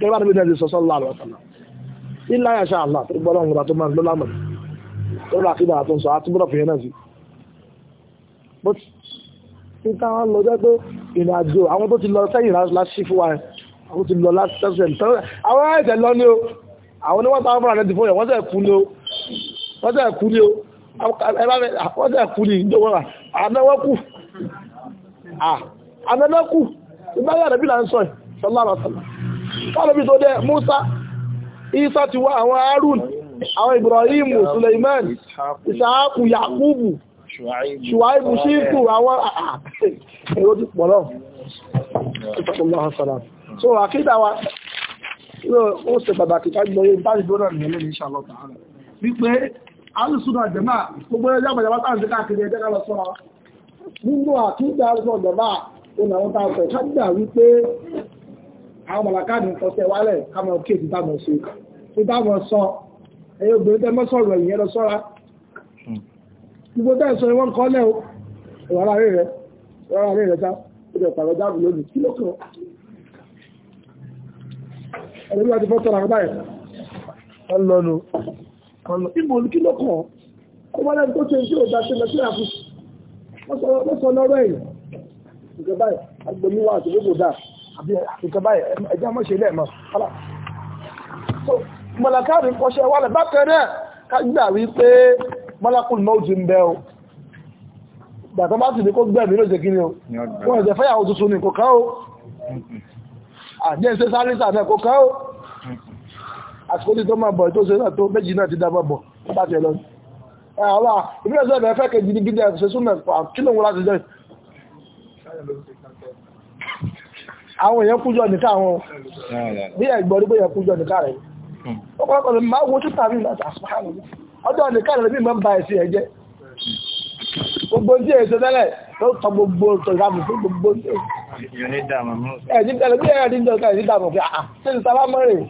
gẹ́gbà níbi nẹ́bí sọ sọ́lá àlọ́ ọ̀sánà ilá yàṣà àlá tó gbọ́dọ̀ ń gbà tó máa ń lọ́lá mọ̀ tó rà kíbà tó ń sọ àti bọ́dọ̀ fìyẹn náà sí but níta wọn lọ jẹ́ pé ìrìn àjò àwọn tó ti lọ sẹ́yìn láti fún wa àwọn ti lọ láti sẹ́sẹ̀ àwọn ẹ̀sẹ̀ lọ ní o kálóbí tó dé Musa Isa ti wá àwọn Harun àwọn Ibrahim Suleiman Isaaku Yakubu Shuaibu Shiku àwọn ẹ̀rọ ah, ah, ti pọ̀lọ́ so àkídà wa ó ṣe pàtàkì kágbọ́yé bá ìgbóná nìyẹn ní inshallah ta'ala wípé alùsùnà jẹ̀má gbogbo ẹjọ́ àgbàjàmá tàà sí káàkiri ẹjẹ́ ká lọ sọ́ra nínú àkídà alùsùnà jẹ̀má òun àwọn tàà sọ ìkájà wípé àwọn mọ̀lákàdì ń fọ́sẹ̀ wálẹ̀ kámọ̀ kí èsì táwọn ṣe tí táwọn sọ ẹyẹ obìnrin tẹ́ mọ́sọ̀rọ̀ ìyẹn lọ sọ́ra hmm. gbogbo tẹ́ sọ ìwọ́n àárẹ̀ rẹ̀ ìwọ́n àárẹ̀ àti gbogbo dáa àbí àfikẹ́ báyìí ẹjẹ́ mọ́ ṣe ilẹ̀ mọ́ fọ́lá so mọ̀lákàrí kọ́ṣẹ́ wà lẹ̀ kágbà wípé mọ́lákùn náà ti ń bẹ́ o bàtọ́ bá ti ní kó gbẹ̀mí ló jẹ́ kíni o wọ́n ẹ̀jẹ̀ fẹ́yàwó tuntun ní kò kán o àjẹ́ ìṣẹ́ sáré sàmẹ́ kò kán o àsìkò tí tó máa bọ̀ tó ṣe náà tó méjì náà ti dábọ̀ bọ̀ bá ti lọ àwọn ìbílẹ̀ sọ́ọ̀bẹ̀ fẹ́ kejì ní gidi àti ṣe súnmẹ̀ kí lóun láti jẹ́ àwọn èèyàn kújọ nìká wọn bí ẹ̀gbọ́n rí pé èèyàn kújọ nìká rẹ̀ hmm. ọ̀pọ̀lọpọ̀ lè máa wo títà rí láti àṣàhàn ọjọ́ nìká rẹ̀ bí mẹ́mbà ẹ̀sì ẹ̀jẹ́ gbogbo tí èyí tó tẹ́lẹ̀ ló tọ gbogbo tó ìdáàmú fún gbogbo tí èyí ní dàmú bí ẹ̀rí ní ọ̀ká ìdí dàmú pé àà tí ní sábà mọ́rẹ̀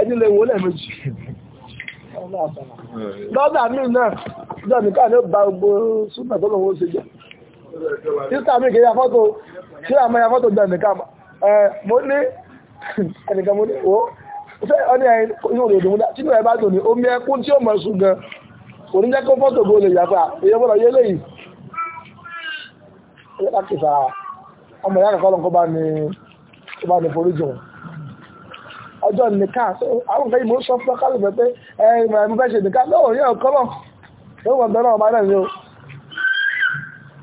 ẹ̀jí lè wó lẹ́ẹ̀mejì lọ́dà míì náà ìjọ nìká ní ó ba gbogbo súnmọ̀ tó lọ́wọ́ ó ṣe jẹ́ títà mi kìí afọ́tò tí a mọ́ afọ́tò gbẹ̀ nìkan mo ní ẹnìkan mo ní o fẹ́ ọní ẹ̀yìn inú òdòdó múdá tí ìwẹ̀ bá dùn ní omi ẹkún tí ó mọ̀ sùn gan kò ní jẹ́ kó fọ́tò bó lè yàgbà èyí bọ́lọ̀ yé léyìí ẹgbẹ́ láti fara ọmọ ìyá kọ̀kọ́ lọ́nkọ́ bá ní tó bá ní forí jùn ọjọ́ nìkan àwọn ìfẹ́ yìí mo sọ fún ọkọ̀ lọ́pẹ́ pé ẹ̀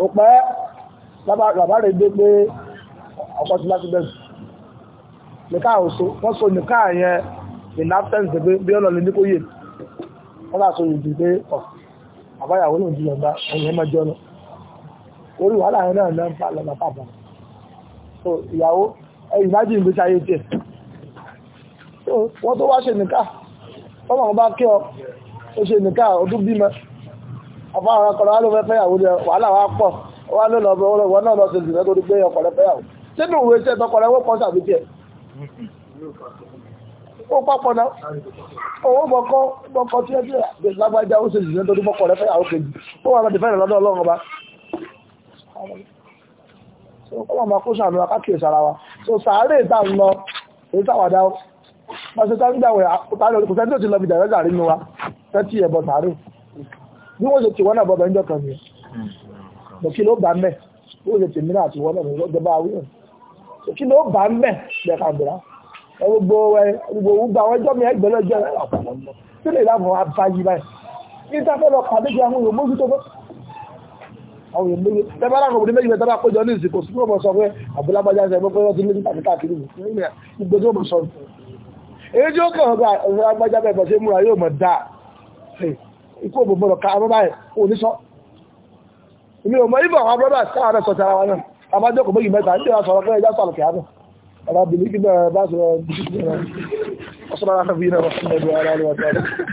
kò pẹ́ bàbá rẹ̀ dé pé ọkọ̀ ti láti bẹ̀rù nìká òṣò wọ́n so nìká yẹn in absence pé bí ọ̀nà lè ní kó yè wọ́n bá so yìí pé ọ̀ àbáyàwó lòun ti yọ̀ǹda òun yẹn mọ́jọ́ lọ orí wàhálà yẹn náà náà ń fà lọ́nà pàpà so ìyàwó ẹ ìmájì ìgbésí ayé tiẹ̀ wọ́n tó wá ṣe nìká wọ́n bá kí ọ ó ṣe nìká ọdún bímọ ọba àwọn ọkọ̀ wà ló fẹ́ fẹ́yàwó jẹ wàhálà wa pọ̀ wà ló lọ bọ̀ wọn náà lọ sí ìsìnkú tó ti gbé ọkọ̀ rẹ fẹ́yàwó sínú ìwé iṣẹ́ tọkọ rẹ wọ́n kọ́ sàbí tí ẹ ti rẹ̀ ń lọ èyí táwàdá lórí kò sẹ́ni tó lọ bí dàrẹ́sà rí nu wa fẹ́ tí ẹ̀bọ̀ sàárè bí wọ́n ṣe ti wọ́n náà bọ́bẹ̀ ń jọ́kan ni bọ̀ hmm. kí ló bá mẹ́ bí wọ́n ṣe ti mìíràn àti wọ́n náà ní ìjọba àwíyàn so kí ló bá mẹ́ lẹ́ka àgbèrà gbogbo gbogbo gbogbo àwọn ẹjọ́ mi ẹgbẹ́ lọ́jọ́ rẹ̀ ọ̀pọ̀lọpọ̀ sí lè láwọn abáyí báyìí níta fẹ́ lọ pàdé bí àwọn èèyàn mójú tó fẹ́ àwọn èèyàn mójú tẹ́ ikú òbòbòrò ká abọ́bá ẹ̀ oníṣọ́ ilé ọmọ ibọ̀ àwọn abọ́bá sáà rẹ̀ sọ̀tẹ̀ ara wa náà abájọ́kọ̀ méjì mẹ́ta ní ìwà sọ̀rọ̀